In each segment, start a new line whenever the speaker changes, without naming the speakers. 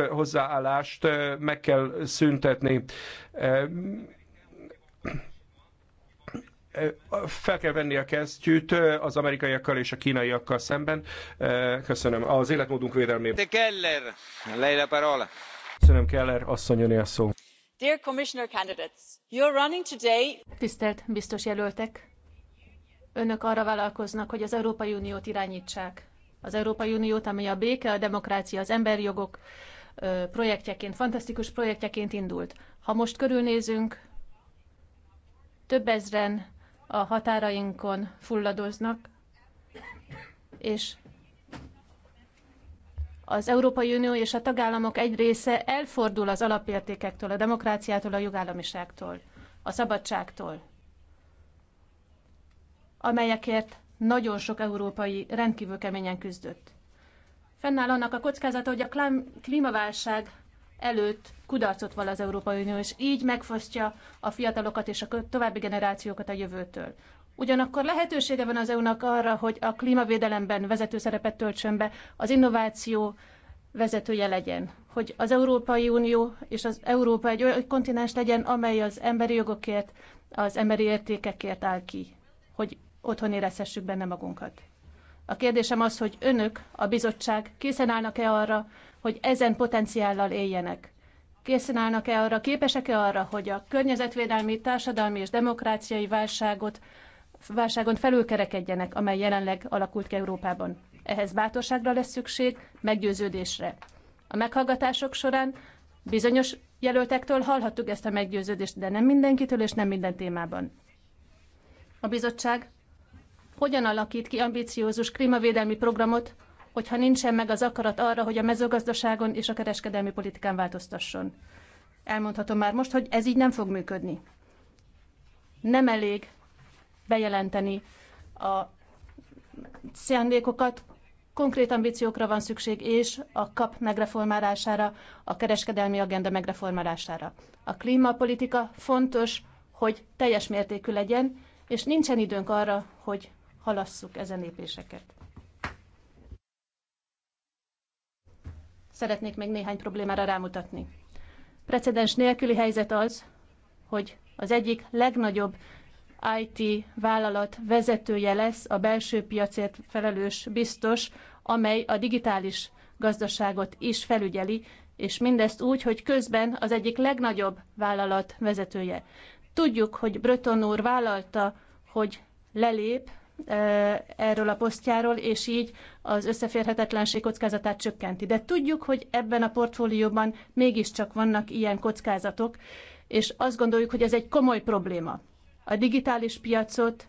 hozzáállást meg kell szüntetni fel kell venni a kesztyűt az amerikaiakkal és a kínaiakkal szemben. Köszönöm. Az életmódunk védelmében. De Keller, lei la parola. Köszönöm, Keller, asszony a szó.
Dear Commissioner candidates, you're running today. Tisztelt biztos jelöltek, önök arra vállalkoznak, hogy az Európai Uniót irányítsák. Az Európai Uniót, amely a béke, a demokrácia, az emberi jogok, projektjeként, fantasztikus projektjeként indult. Ha most körülnézünk, több ezren a határainkon fulladoznak, és az Európai Unió és a tagállamok egy része elfordul az alapértékektől, a demokráciától, a jogállamiságtól, a szabadságtól, amelyekért nagyon sok európai rendkívül keményen küzdött. Fennáll annak a kockázata, hogy a klímaválság előtt kudarcot val az Európai Unió, és így megfosztja a fiatalokat és a további generációkat a jövőtől. Ugyanakkor lehetősége van az EU-nak arra, hogy a klímavédelemben vezető szerepet töltsön be, az innováció vezetője legyen, hogy az Európai Unió és az Európa egy olyan kontinens legyen, amely az emberi jogokért, az emberi értékekért áll ki, hogy otthon érezhessük benne magunkat. A kérdésem az, hogy önök, a bizottság készen állnak-e arra, hogy ezen potenciállal éljenek? Készen állnak-e arra, képesek-e arra, hogy a környezetvédelmi, társadalmi és demokráciai válságot, válságon felülkerekedjenek, amely jelenleg alakult ki Európában? Ehhez bátorságra lesz szükség, meggyőződésre. A meghallgatások során bizonyos jelöltektől hallhattuk ezt a meggyőződést, de nem mindenkitől és nem minden témában. A bizottság hogyan alakít ki ambiciózus klímavédelmi programot, hogyha nincsen meg az akarat arra, hogy a mezőgazdaságon és a kereskedelmi politikán változtasson. Elmondhatom már most, hogy ez így nem fog működni. Nem elég bejelenteni a szándékokat, konkrét ambíciókra van szükség, és a kap megreformálására, a kereskedelmi agenda megreformálására. A klímapolitika fontos, hogy teljes mértékű legyen, és nincsen időnk arra, hogy halasszuk ezen lépéseket. Szeretnék még néhány problémára rámutatni. Precedens nélküli helyzet az, hogy az egyik legnagyobb IT vállalat vezetője lesz a belső piacért felelős biztos, amely a digitális gazdaságot is felügyeli, és mindezt úgy, hogy közben az egyik legnagyobb vállalat vezetője. Tudjuk, hogy Bröton úr vállalta, hogy lelép, erről a posztjáról, és így az összeférhetetlenség kockázatát csökkenti. De tudjuk, hogy ebben a portfólióban mégiscsak vannak ilyen kockázatok, és azt gondoljuk, hogy ez egy komoly probléma. A digitális piacot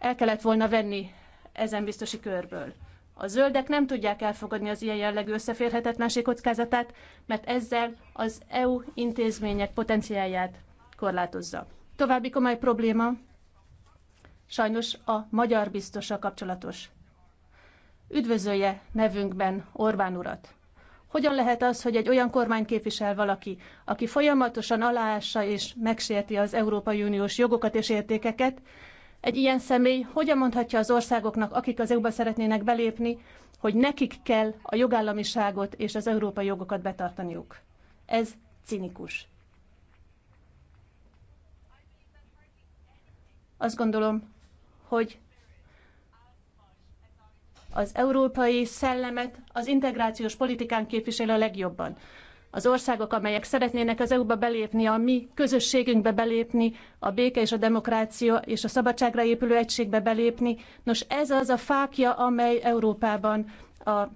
el kellett volna venni ezen biztosi körből. A zöldek nem tudják elfogadni az ilyen jellegű összeférhetetlenség kockázatát, mert ezzel az EU intézmények potenciáját korlátozza. További komoly probléma sajnos a magyar biztosa kapcsolatos. Üdvözölje nevünkben Orbán urat! Hogyan lehet az, hogy egy olyan kormány képvisel valaki, aki folyamatosan aláássa és megsérti az Európai Uniós jogokat és értékeket? Egy ilyen személy hogyan mondhatja az országoknak, akik az EU-ba szeretnének belépni, hogy nekik kell a jogállamiságot és az európai jogokat betartaniuk? Ez cinikus. Azt gondolom, hogy az európai szellemet az integrációs politikán képvisel a legjobban. Az országok, amelyek szeretnének az EU-ba belépni, a mi közösségünkbe belépni, a béke és a demokrácia és a szabadságra épülő egységbe belépni, nos ez az a fákja, amely Európában a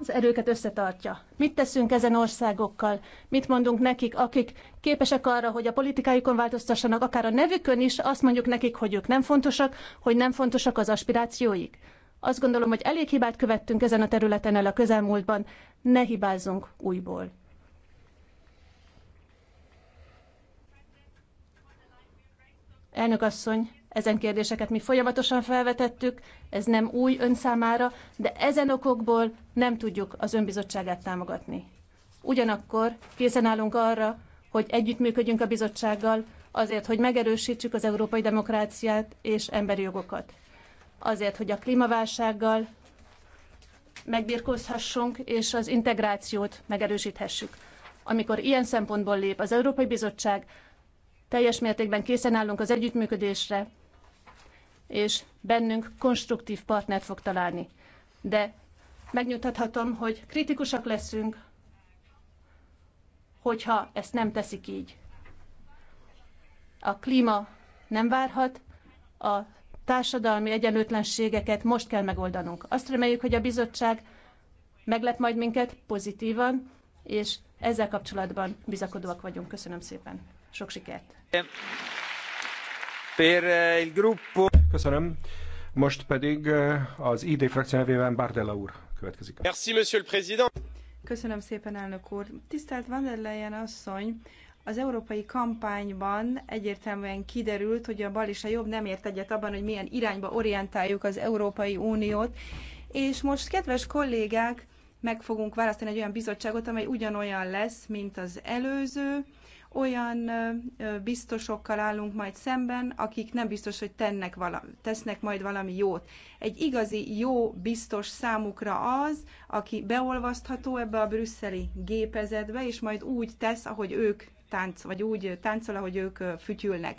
az erőket összetartja. Mit teszünk ezen országokkal? Mit mondunk nekik, akik képesek arra, hogy a politikájukon változtassanak, akár a nevükön is, azt mondjuk nekik, hogy ők nem fontosak, hogy nem fontosak az aspirációik? Azt gondolom, hogy elég hibát követtünk ezen a területen el a közelmúltban, ne hibázzunk újból. Elnök asszony, ezen kérdéseket mi folyamatosan felvetettük, ez nem új ön számára, de ezen okokból nem tudjuk az önbizottságát támogatni. Ugyanakkor készen állunk arra, hogy együttműködjünk a bizottsággal azért, hogy megerősítsük az európai demokráciát és emberi jogokat. Azért, hogy a klímaválsággal megbirkózhassunk és az integrációt megerősíthessük. Amikor ilyen szempontból lép az Európai Bizottság, teljes mértékben készen állunk az együttműködésre, és bennünk konstruktív partnert fog találni. De megnyugtathatom, hogy kritikusak leszünk, hogyha ezt nem teszik így. A klíma nem várhat, a társadalmi egyenlőtlenségeket most kell megoldanunk. Azt reméljük, hogy a bizottság meglep majd minket pozitívan, és ezzel kapcsolatban bizakodóak vagyunk. Köszönöm szépen. Sok sikert!
Per il gruppo... Köszönöm. Most pedig eh, az ID frakció nevében Bardella úr következik. Merci,
monsieur le président. Köszönöm szépen, elnök úr. Tisztelt Van der Leyen asszony, az európai kampányban egyértelműen kiderült, hogy a bal és a jobb nem ért egyet abban, hogy milyen irányba orientáljuk az Európai Uniót. És most, kedves kollégák, meg fogunk választani egy olyan bizottságot, amely ugyanolyan lesz, mint az előző, olyan biztosokkal állunk majd szemben, akik nem biztos, hogy tennek valami, tesznek majd valami jót. Egy igazi jó biztos számukra az, aki beolvasztható ebbe a brüsszeli gépezetbe, és majd úgy tesz, ahogy ők tánc, vagy úgy táncol, ahogy ők fütyülnek.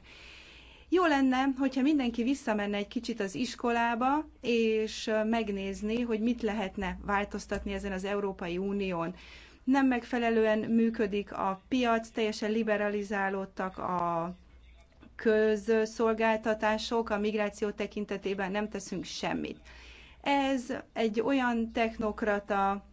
Jó lenne, hogyha mindenki visszamenne egy kicsit az iskolába, és megnézni, hogy mit lehetne változtatni ezen az Európai Unión nem megfelelően működik a piac, teljesen liberalizálódtak a közszolgáltatások, a migráció tekintetében nem teszünk semmit. Ez egy olyan technokrata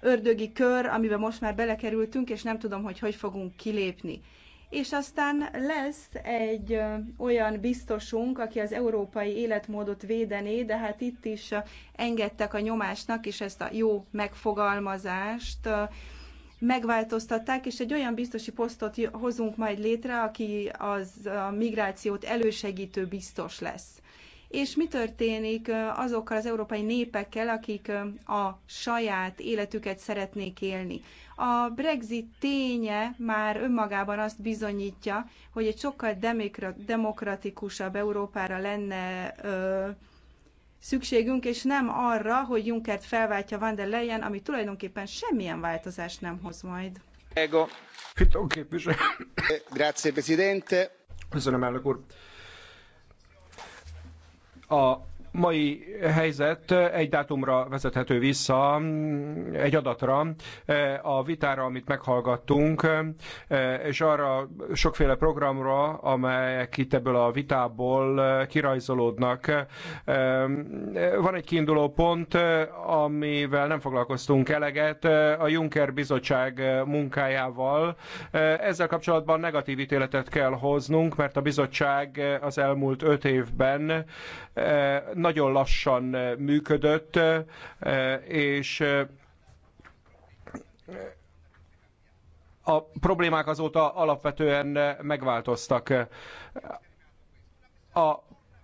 ördögi kör, amiben most már belekerültünk, és nem tudom, hogy hogy fogunk kilépni és aztán lesz egy olyan biztosunk, aki az európai életmódot védené, de hát itt is engedtek a nyomásnak, és ezt a jó megfogalmazást megváltoztatták, és egy olyan biztosi posztot hozunk majd létre, aki az a migrációt elősegítő biztos lesz. És mi történik azokkal az európai népekkel, akik a saját életüket szeretnék élni? A Brexit ténye már önmagában azt bizonyítja, hogy egy sokkal demokratikusabb Európára lenne ö, szükségünk, és nem arra, hogy Junckert felváltja Van der Leyen, ami tulajdonképpen semmilyen változást nem hoz
majd. Ego. Grazie, Presidente. Köszönöm, elnök úr. A mai helyzet egy dátumra vezethető vissza, egy adatra, a vitára, amit meghallgattunk, és arra sokféle programra, amelyek itt ebből a vitából kirajzolódnak. Van egy kiinduló pont, amivel nem foglalkoztunk eleget, a Juncker bizottság munkájával. Ezzel kapcsolatban negatív ítéletet kell hoznunk, mert a bizottság az elmúlt öt évben nagyon lassan eh, működött, eh, és eh, a problémák azóta alapvetően megváltoztak. A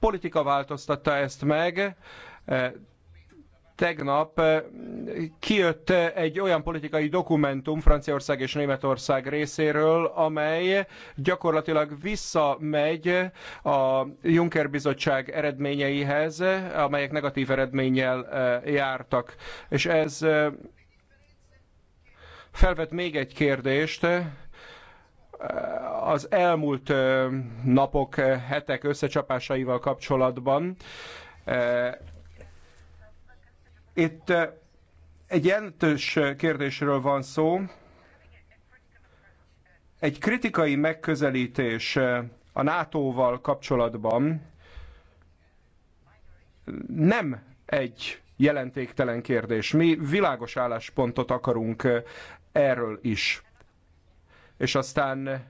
politika változtatta ezt meg, tegnap eh, kijött eh, egy olyan politikai dokumentum Franciaország és Németország részéről, amely gyakorlatilag visszamegy eh, a Juncker bizottság eredményeihez, amelyek negatív eredménnyel jártak. És ez felvet még egy kérdést, az elmúlt napok, hetek összecsapásaival kapcsolatban itt egy jelentős kérdésről van szó. Egy kritikai megközelítés a NATO-val kapcsolatban nem egy jelentéktelen kérdés. Mi világos álláspontot akarunk erről is. És aztán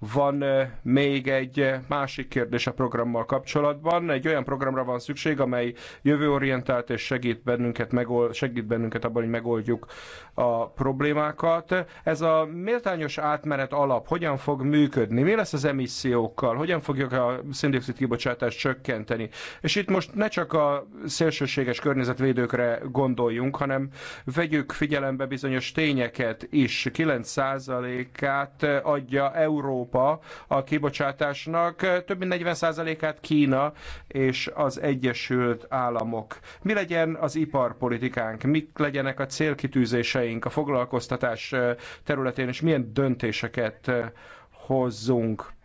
van még egy másik kérdés a programmal kapcsolatban. Egy olyan programra van szükség, amely jövőorientált és segít bennünket, megold, segít bennünket abban, hogy megoldjuk a problémákat. Ez a méltányos átmenet alap hogyan fog működni? Mi lesz az emissziókkal? Hogyan fogjuk a szindioxid kibocsátást csökkenteni? És itt most ne csak a szélsőséges környezetvédőkre gondoljunk, hanem vegyük figyelembe bizonyos tényeket is. 9%-át adja Európa Európa a kibocsátásnak, több mint 40%-át Kína és az Egyesült Államok. Mi legyen az iparpolitikánk, mik legyenek a célkitűzéseink a foglalkoztatás eh, területén, és milyen döntéseket eh, hozzunk?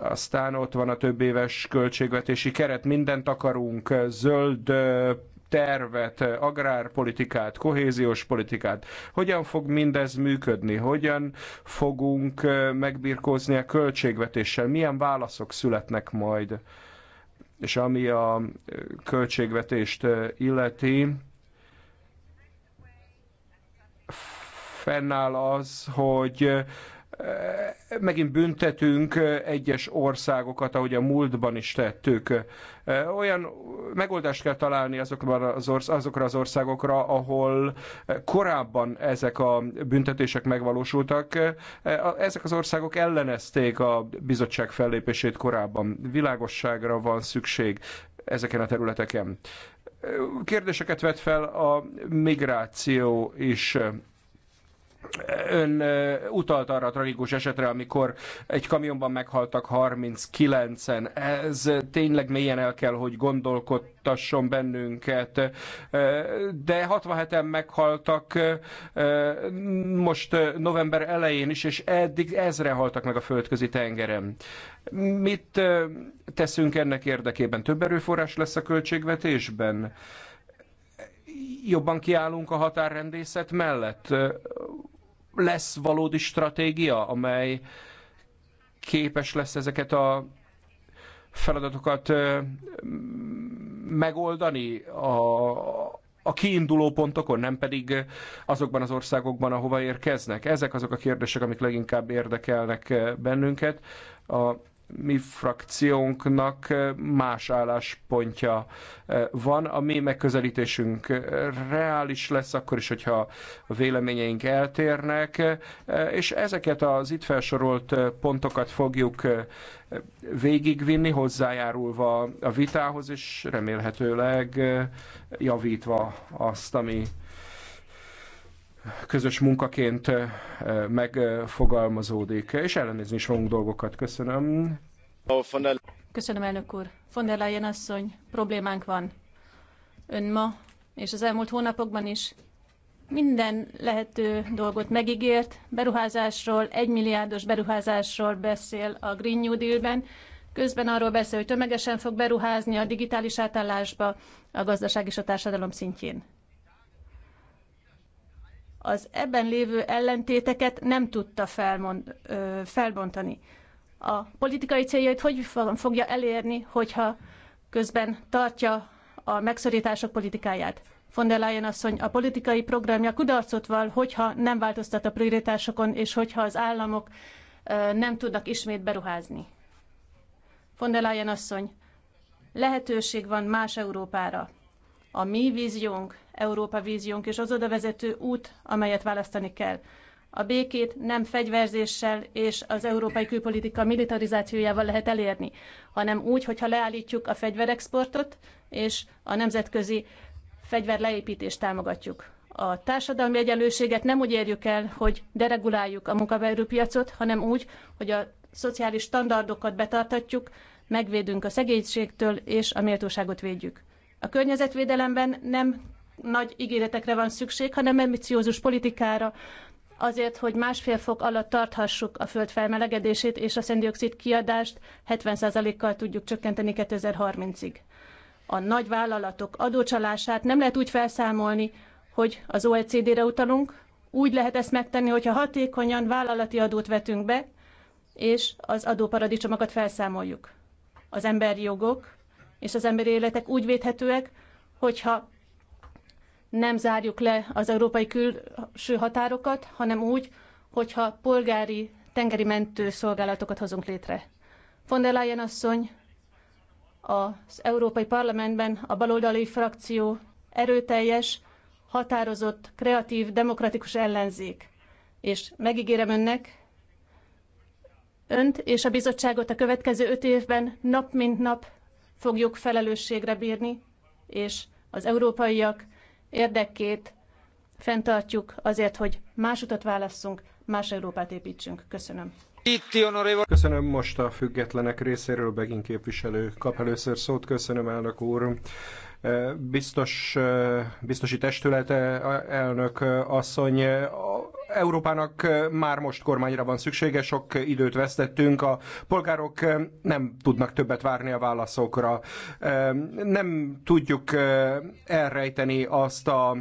aztán ott van a több éves költségvetési keret, mindent akarunk, zöld eh, tervet, agrárpolitikát, kohéziós politikát. Hogyan fog mindez működni? Hogyan fogunk megbirkózni a költségvetéssel? Milyen válaszok születnek majd? És ami a költségvetést illeti, fennáll az, hogy megint büntetünk egyes országokat, ahogy a múltban is tettük. Olyan megoldást kell találni azokra az, orsz- azokra az országokra, ahol korábban ezek a büntetések megvalósultak. Ezek az országok ellenezték a bizottság fellépését korábban. Világosságra van szükség ezeken a területeken. Kérdéseket vet fel a migráció is. Ön utalt arra a tragikus esetre, amikor egy kamionban meghaltak 39-en. Ez tényleg mélyen el kell, hogy gondolkodtasson bennünket. De 67-en meghaltak most november elején is, és eddig ezre haltak meg a földközi tengeren. Mit teszünk ennek érdekében? Több erőforrás lesz a költségvetésben? jobban kiállunk a határrendészet mellett? Lesz valódi stratégia, amely képes lesz ezeket a feladatokat megoldani a, a kiinduló pontokon, nem pedig azokban az országokban, ahova érkeznek. Ezek azok a kérdések, amik leginkább érdekelnek bennünket. A mi frakciónknak más álláspontja van. A mi megközelítésünk reális lesz, akkor is, hogyha a véleményeink eltérnek, és ezeket az itt felsorolt pontokat fogjuk végigvinni, hozzájárulva a vitához, és remélhetőleg javítva azt, ami közös munkaként megfogalmazódik, és ellenézni is fogunk dolgokat. Köszönöm.
Köszönöm, elnök úr. Von der Leyen asszony, problémánk van. Ön ma és az elmúlt hónapokban is minden lehető dolgot megígért, beruházásról, egymilliárdos beruházásról beszél a Green New Deal-ben, közben arról beszél, hogy tömegesen fog beruházni a digitális átállásba a gazdaság és a társadalom szintjén az ebben lévő ellentéteket nem tudta felmond, ö, felbontani. A politikai céljait hogy fogja elérni, hogyha közben tartja a megszorítások politikáját? Von der Leyen asszony, a politikai programja kudarcot val, hogyha nem változtat a prioritásokon, és hogyha az államok ö, nem tudnak ismét beruházni. Von der Leyen asszony, lehetőség van más Európára a mi víziónk, Európa víziónk és az odavezető út, amelyet választani kell. A békét nem fegyverzéssel és az európai külpolitika militarizációjával lehet elérni, hanem úgy, hogyha leállítjuk a fegyverexportot és a nemzetközi fegyverleépítést támogatjuk. A társadalmi egyenlőséget nem úgy érjük el, hogy dereguláljuk a munkaerőpiacot, hanem úgy, hogy a szociális standardokat betartatjuk, megvédünk a szegénységtől és a méltóságot védjük. A környezetvédelemben nem nagy ígéretekre van szükség, hanem ambiciózus politikára, azért, hogy másfél fok alatt tarthassuk a föld felmelegedését és a széndiokszid kiadást 70%-kal tudjuk csökkenteni 2030-ig. A nagy vállalatok adócsalását nem lehet úgy felszámolni, hogy az OECD-re utalunk, úgy lehet ezt megtenni, hogyha hatékonyan vállalati adót vetünk be, és az adóparadicsomokat felszámoljuk. Az emberi jogok, és az emberi életek úgy védhetőek, hogyha nem zárjuk le az európai külső határokat, hanem úgy, hogyha polgári tengeri mentő szolgálatokat hozunk létre. Von der Leyen asszony az Európai Parlamentben a baloldali frakció erőteljes, határozott, kreatív, demokratikus ellenzék. És megígérem önnek, önt és a bizottságot a következő öt évben nap mint nap fogjuk felelősségre bírni, és az európaiak érdekét fenntartjuk azért, hogy más utat válasszunk, más Európát építsünk. Köszönöm.
Köszönöm most a függetlenek részéről, Begin képviselő kap először szót. Köszönöm, elnök úr biztos, biztosi testülete, elnök asszony Európának már most kormányra van szüksége, sok időt vesztettünk, a polgárok nem tudnak többet várni a válaszokra. Nem tudjuk elrejteni azt a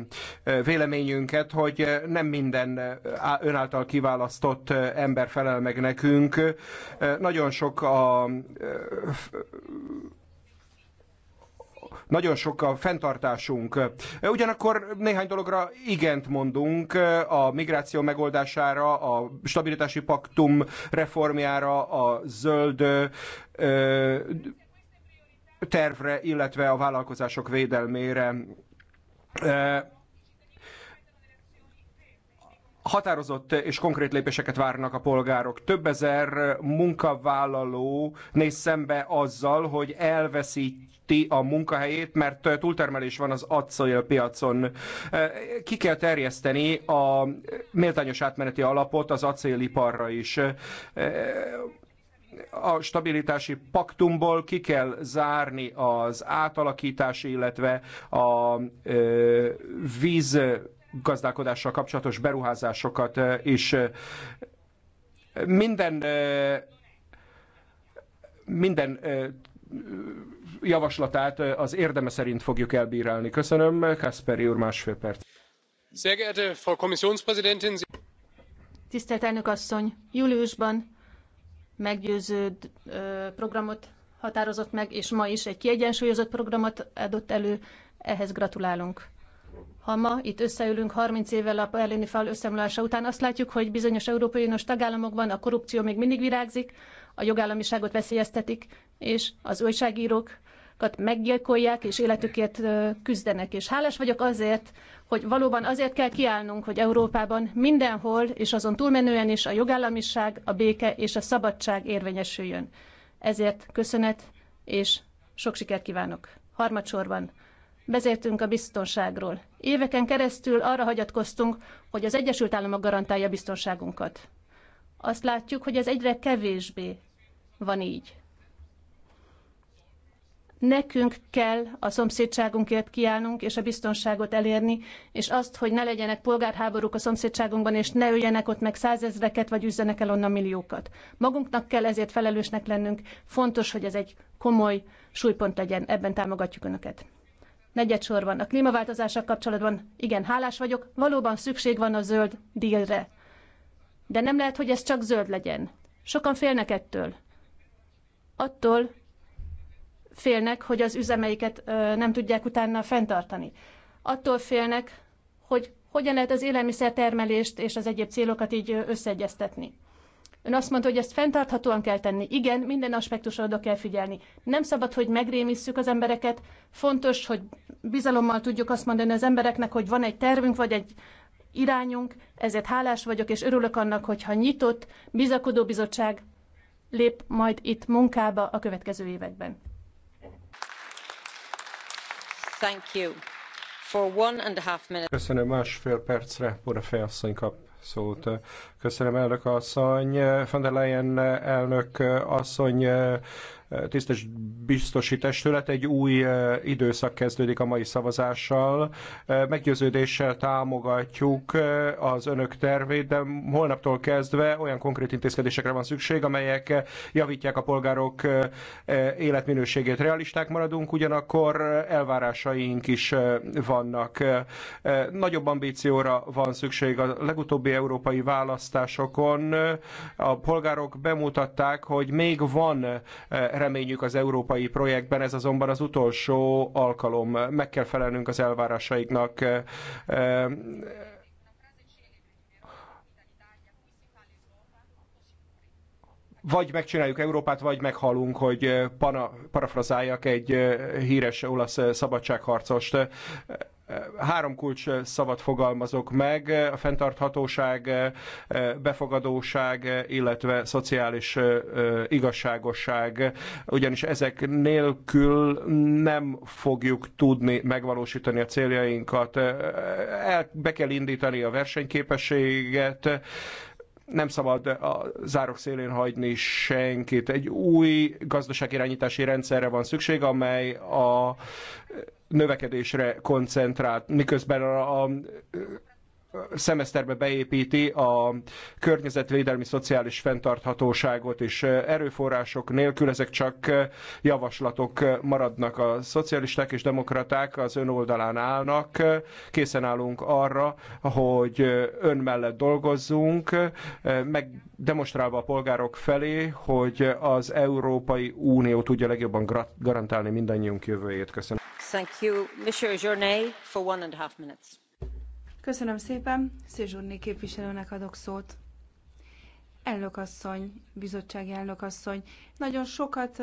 véleményünket, hogy nem minden önáltal kiválasztott ember felel meg nekünk. Nagyon sok a nagyon sok a fenntartásunk. Ugyanakkor néhány dologra igent mondunk, a migráció megoldására, a stabilitási paktum reformjára, a zöld tervre, illetve a vállalkozások védelmére határozott és konkrét lépéseket várnak a polgárok. Több ezer munkavállaló néz szembe azzal, hogy elveszíti a munkahelyét, mert túltermelés van az acélpiacon. Ki kell terjeszteni a méltányos átmeneti alapot az acéliparra is a stabilitási paktumból ki kell zárni az átalakítási, illetve a víz gazdálkodással kapcsolatos beruházásokat is. Minden, minden javaslatát az érdeme szerint fogjuk elbírálni. Köszönöm, Kasperi úr, másfél perc. Sehr geehrte Frau Kommissionspräsidentin!
Tisztelt elnök asszony, júliusban meggyőző programot határozott meg, és ma is egy kiegyensúlyozott programot adott elő, ehhez gratulálunk. Ha ma itt összeülünk 30 évvel a berlini fal összeomlása után, azt látjuk, hogy bizonyos Európai Uniós tagállamokban a korrupció még mindig virágzik, a jogállamiságot veszélyeztetik, és az újságírók meggyilkolják, és életükért küzdenek. És hálás vagyok azért, hogy valóban azért kell kiállnunk, hogy Európában mindenhol, és azon túlmenően is a jogállamiság, a béke és a szabadság érvényesüljön. Ezért köszönet, és sok sikert kívánok. Harmadsorban Beszéltünk a biztonságról. Éveken keresztül arra hagyatkoztunk, hogy az Egyesült Államok garantálja biztonságunkat. Azt látjuk, hogy ez egyre kevésbé van így. Nekünk kell a szomszédságunkért kiállnunk, és a biztonságot elérni, és azt, hogy ne legyenek polgárháborúk a szomszédságunkban, és ne öljenek ott meg százezreket, vagy üzzenek el onnan milliókat. Magunknak kell ezért felelősnek lennünk. Fontos, hogy ez egy komoly súlypont legyen. Ebben támogatjuk Önöket. Negyedsorban a klímaváltozással kapcsolatban igen, hálás vagyok, valóban szükség van a zöld dílre. De nem lehet, hogy ez csak zöld legyen. Sokan félnek ettől. Attól félnek, hogy az üzemeiket ö, nem tudják utána fenntartani. Attól félnek, hogy hogyan lehet az élelmiszertermelést és az egyéb célokat így összeegyeztetni. Ön azt mondta, hogy ezt fenntarthatóan kell tenni. Igen, minden aspektusra oda kell figyelni. Nem szabad, hogy megrémisszük az embereket. Fontos, hogy bizalommal tudjuk azt mondani az embereknek, hogy van egy tervünk, vagy egy irányunk. Ezért hálás vagyok, és örülök annak, hogyha nyitott, bizakodó bizottság lép majd itt munkába a következő években. Thank you. For one and a half minute. Köszönöm
másfél percre, Bora Fejasszony kap szót. Köszönöm, elnök asszony. Von der Leyen elnök asszony tisztes biztosi testület, egy új időszak kezdődik a mai szavazással. Meggyőződéssel támogatjuk az önök tervét, de holnaptól kezdve olyan konkrét intézkedésekre van szükség, amelyek javítják a polgárok életminőségét. Realisták maradunk, ugyanakkor elvárásaink is vannak. Nagyobb ambícióra van szükség a legutóbbi európai választásokon. A polgárok bemutatták, hogy még van reményük az európai projektben, ez azonban az utolsó alkalom. Meg kell felelnünk az elvárásaiknak. vagy megcsináljuk Európát, vagy meghalunk, hogy para, parafrazáljak egy híres olasz szabadságharcost három kulcs szavat fogalmazok meg, a fenntarthatóság, befogadóság, illetve szociális igazságosság, ugyanis ezek nélkül nem fogjuk tudni megvalósítani a céljainkat. El, be kell indítani a versenyképességet, nem szabad a zárok szélén hagyni senkit. Egy új gazdaságirányítási rendszerre van szükség, amely a növekedésre koncentrál, miközben a, a szemeszterbe beépíti a környezetvédelmi szociális fenntarthatóságot és erőforrások nélkül ezek csak javaslatok maradnak. A szocialisták és demokraták az ön oldalán állnak, készen állunk arra, hogy ön mellett dolgozzunk, meg demonstrálva a polgárok felé, hogy az Európai Unió tudja legjobban garantálni mindannyiunk jövőjét. Köszönöm.
Köszönöm szépen. Szézsurné képviselőnek adok szót. Elnök asszony, bizottsági elnök asszony, nagyon sokat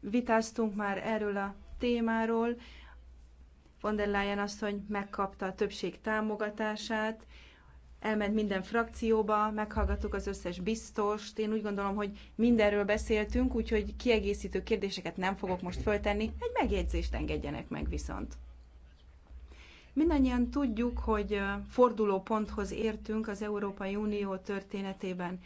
vitáztunk már erről a témáról. Von der Leyen asszony megkapta a többség támogatását, elment minden frakcióba, meghallgattuk az összes biztost. Én úgy gondolom, hogy mindenről beszéltünk, úgyhogy kiegészítő kérdéseket nem fogok most föltenni. Egy megjegyzést engedjenek meg viszont. Mindannyian tudjuk, hogy fordulóponthoz értünk az Európai Unió történetében.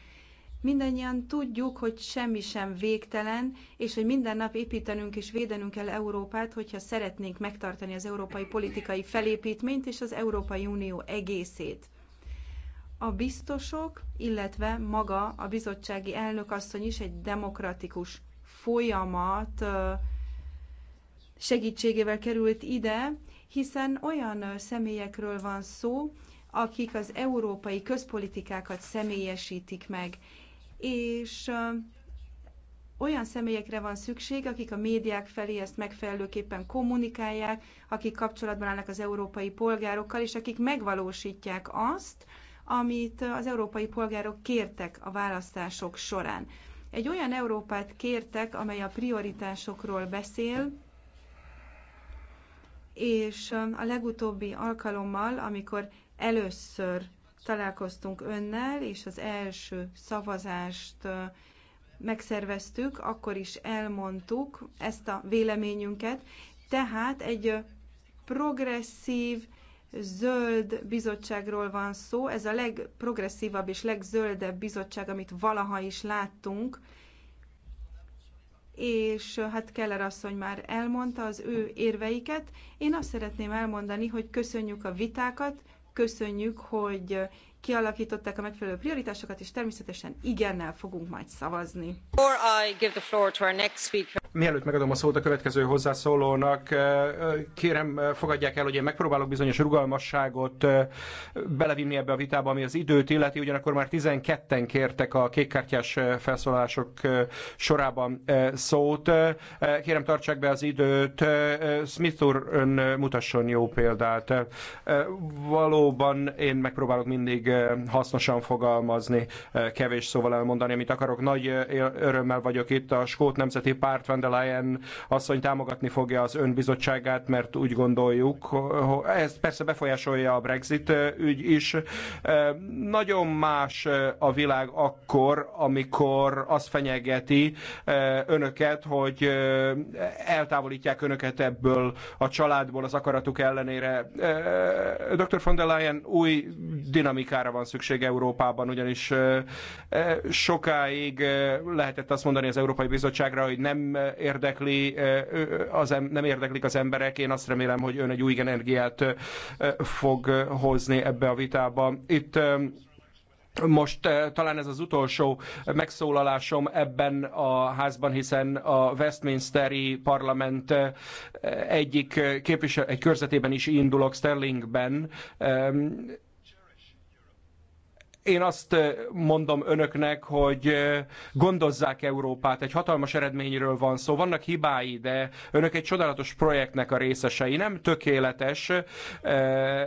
Mindannyian tudjuk, hogy semmi sem végtelen, és hogy minden nap építenünk és védenünk kell Európát, hogyha szeretnénk megtartani az európai politikai felépítményt és az Európai Unió egészét a biztosok, illetve maga a bizottsági elnök asszony is egy demokratikus folyamat segítségével került ide, hiszen olyan személyekről van szó, akik az európai közpolitikákat személyesítik meg, és olyan személyekre van szükség, akik a médiák felé ezt megfelelőképpen kommunikálják, akik kapcsolatban állnak az európai polgárokkal, és akik megvalósítják azt, amit az európai polgárok kértek a választások során. Egy olyan Európát kértek, amely a prioritásokról beszél, és a legutóbbi alkalommal, amikor először találkoztunk önnel, és az első szavazást megszerveztük, akkor is elmondtuk ezt a véleményünket, tehát egy progresszív, zöld bizottságról van szó, ez a legprogresszívabb és legzöldebb bizottság, amit valaha is láttunk, és hát Keller asszony már elmondta az ő érveiket. Én azt szeretném elmondani, hogy köszönjük a vitákat, köszönjük, hogy kialakították a megfelelő prioritásokat, és természetesen igennel fogunk majd szavazni.
Mielőtt megadom a szót a következő hozzászólónak, kérem fogadják el, hogy én megpróbálok bizonyos rugalmasságot belevinni ebbe a vitába, ami az időt illeti, ugyanakkor már 12-en kértek a kékkártyás felszólások sorában szót. Kérem tartsák be az időt, Smith úr ön mutasson jó példát. Valóban én megpróbálok mindig hasznosan fogalmazni, kevés szóval elmondani, amit akarok. Nagy örömmel vagyok itt a Skót Nemzeti Párt von der Leyen asszony támogatni fogja az önbizottságát, mert úgy gondoljuk, ez persze befolyásolja a Brexit ügy is. Nagyon más a világ akkor, amikor azt fenyegeti önöket, hogy eltávolítják önöket ebből a családból az akaratuk ellenére. Dr. von der Leyen új dinamikára van szükség Európában, ugyanis sokáig lehetett azt mondani az Európai Bizottságra, hogy nem érdekli, az, nem érdeklik az emberek. Én azt remélem, hogy ön egy új energiát fog hozni ebbe a vitába. Itt most talán ez az utolsó megszólalásom ebben a házban, hiszen a Westminsteri parlament egyik képvisel, egy körzetében is indulok, Sterlingben én azt eh, mondom önöknek, hogy eh, gondozzák Európát, egy hatalmas eredményről van szó, vannak hibái, de önök egy csodálatos projektnek a részesei, nem tökéletes. Eh,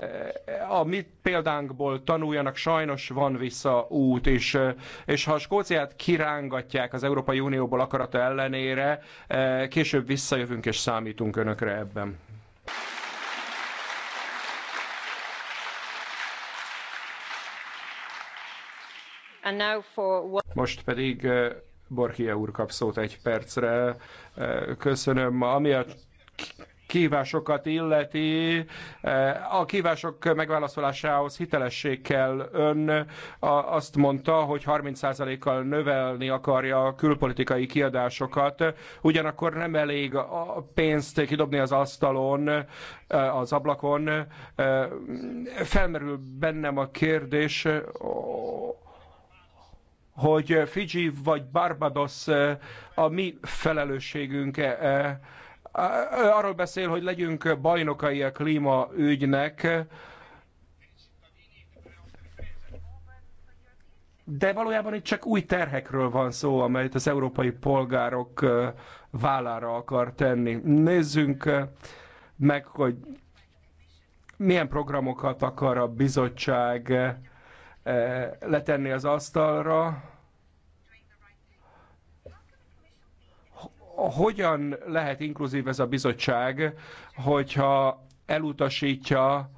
a mi példánkból tanuljanak, sajnos van vissza út, és, és ha a Skóciát kirángatják az Európai Unióból akarata ellenére, később visszajövünk és számítunk önökre ebben. Most pedig eh, Borkia úr kap szót egy percre. Eh, köszönöm. Ami a kívásokat illeti. Eh, a kívások megválaszolásához hitelesség kell. Ön azt mondta, hogy 30%-kal növelni akarja a külpolitikai kiadásokat, ugyanakkor nem elég a pénzt kidobni az asztalon, az ablakon. Felmerül bennem a kérdés, hogy Fiji vagy Barbados eh, a mi felelősségünk -e. Eh? Eh, arról beszél, hogy legyünk bajnokai a klímaügynek, de valójában itt csak új terhekről van szó, amelyet az európai polgárok vállára akar tenni. Nézzünk meg, hogy milyen programokat akar a bizottság Eh, letenni az asztalra. Hogyan lehet inkluzív ez a bizottság, hogyha elutasítja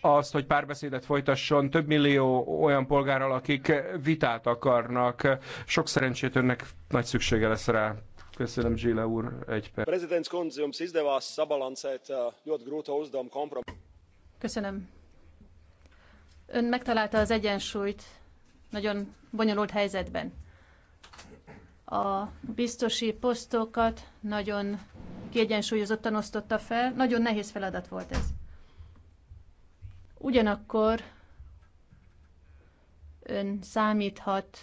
azt, hogy párbeszédet folytasson több millió olyan polgárral, akik vitát akarnak. Sok szerencsét önnek nagy szüksége lesz rá. Köszönöm, Zsile úr, egy perc. Eh,
Köszönöm, Ön megtalálta az egyensúlyt nagyon bonyolult helyzetben. A biztosi posztokat nagyon kiegyensúlyozottan osztotta fel, nagyon nehéz feladat volt ez. Ugyanakkor ön számíthat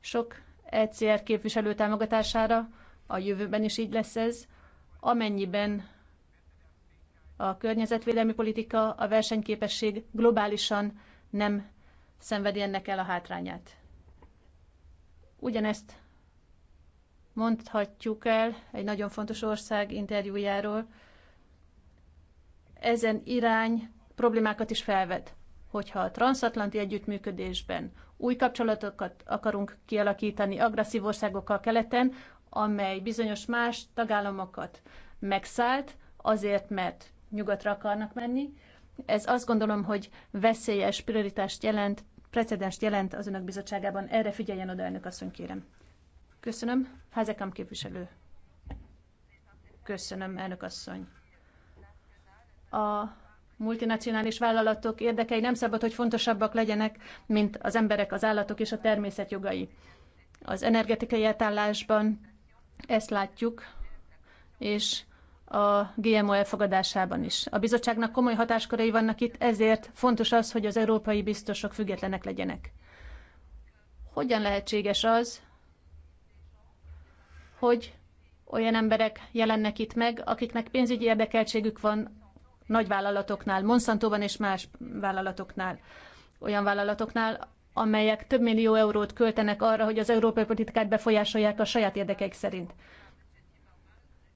sok ECR képviselő támogatására, a jövőben is így lesz ez, amennyiben a környezetvédelmi politika, a versenyképesség globálisan nem szenvedi ennek el a hátrányát. Ugyanezt mondhatjuk el egy nagyon fontos ország interjújáról. Ezen irány problémákat is felvet, hogyha a transatlanti együttműködésben új kapcsolatokat akarunk kialakítani agresszív országokkal keleten, amely bizonyos más tagállamokat megszállt, azért mert nyugatra akarnak menni. Ez azt gondolom, hogy veszélyes prioritást jelent, precedenst jelent az önök bizottságában. Erre figyeljen oda, elnök asszony, kérem. Köszönöm. Házekam képviselő. Köszönöm, elnök asszony. A multinacionális vállalatok érdekei nem szabad, hogy fontosabbak legyenek, mint az emberek, az állatok és a természet jogai. Az energetikai átállásban ezt látjuk, és a GMO elfogadásában is. A bizottságnak komoly hatáskörei vannak itt, ezért fontos az, hogy az európai biztosok függetlenek legyenek. Hogyan lehetséges az, hogy olyan emberek jelennek itt meg, akiknek pénzügyi érdekeltségük van nagy vállalatoknál, Monsantóban és más vállalatoknál, olyan vállalatoknál, amelyek több millió eurót költenek arra, hogy az európai politikát befolyásolják a saját érdekeik szerint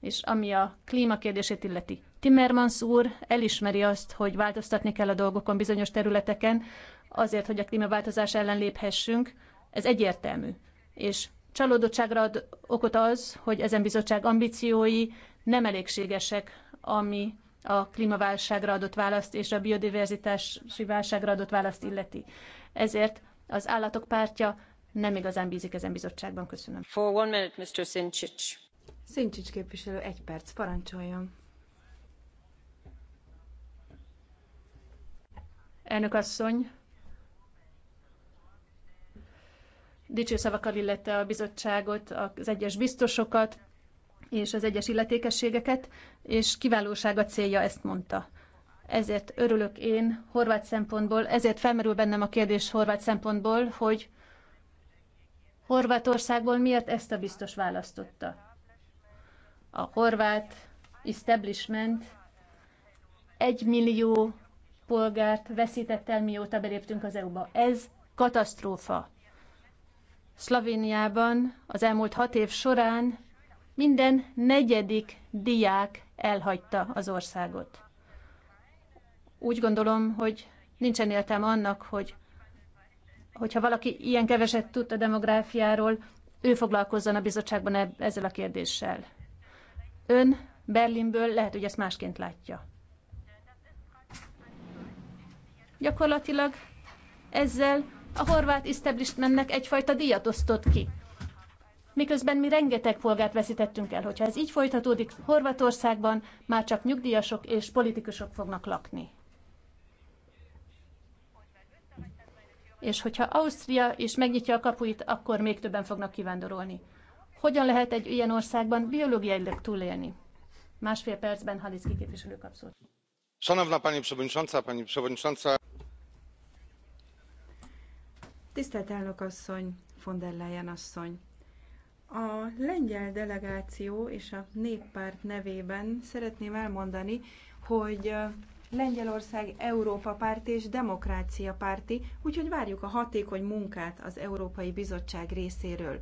és ami a klímakérdését illeti. Timmermans úr elismeri azt, hogy változtatni kell a dolgokon bizonyos területeken, azért, hogy a klímaváltozás ellen léphessünk, ez egyértelmű. És csalódottságra ad okot az, hogy ezen bizottság ambíciói nem elégségesek, ami a klímaválságra adott választ és a biodiverzitási válságra adott választ illeti. Ezért az állatok pártja nem igazán bízik ezen bizottságban. Köszönöm. For one minute, Mr.
Szincsics képviselő, egy perc, parancsoljon. Elnök asszony,
dicső szavakkal illette a bizottságot, az egyes biztosokat és az egyes illetékességeket, és kiválósága célja ezt mondta. Ezért örülök én horvát szempontból, ezért felmerül bennem a kérdés horvát szempontból, hogy Horvátországból miért ezt a biztos választotta a horvát establishment egy millió polgárt veszített el, mióta beléptünk az EU-ba. Ez katasztrófa. Szlovéniában az elmúlt hat év során minden negyedik diák elhagyta az országot. Úgy gondolom, hogy nincsen értelme annak, hogy hogyha valaki ilyen keveset tud a demográfiáról, ő foglalkozzon a bizottságban e- ezzel a kérdéssel. Ön Berlinből lehet, hogy ezt másként látja. Gyakorlatilag ezzel a horvát establishmentnek egyfajta díjat osztott ki. Miközben mi rengeteg polgárt veszítettünk el, hogyha ez így folytatódik, Horvátországban, már csak nyugdíjasok és politikusok fognak lakni. És hogyha Ausztria is megnyitja a kapuit, akkor még többen fognak kivándorolni. Hogyan lehet egy ilyen országban biológiailag túlélni? Másfél percben Halicki képviselő kap szót. Szanowna Pani Przewodnicząca, Pani Przewodnicząca.
Tisztelt elnök asszony, von der Leyen asszony. A lengyel delegáció és a néppárt nevében szeretném elmondani, hogy Lengyelország Európa párt és demokrácia párti, úgyhogy várjuk a hatékony munkát az Európai Bizottság részéről.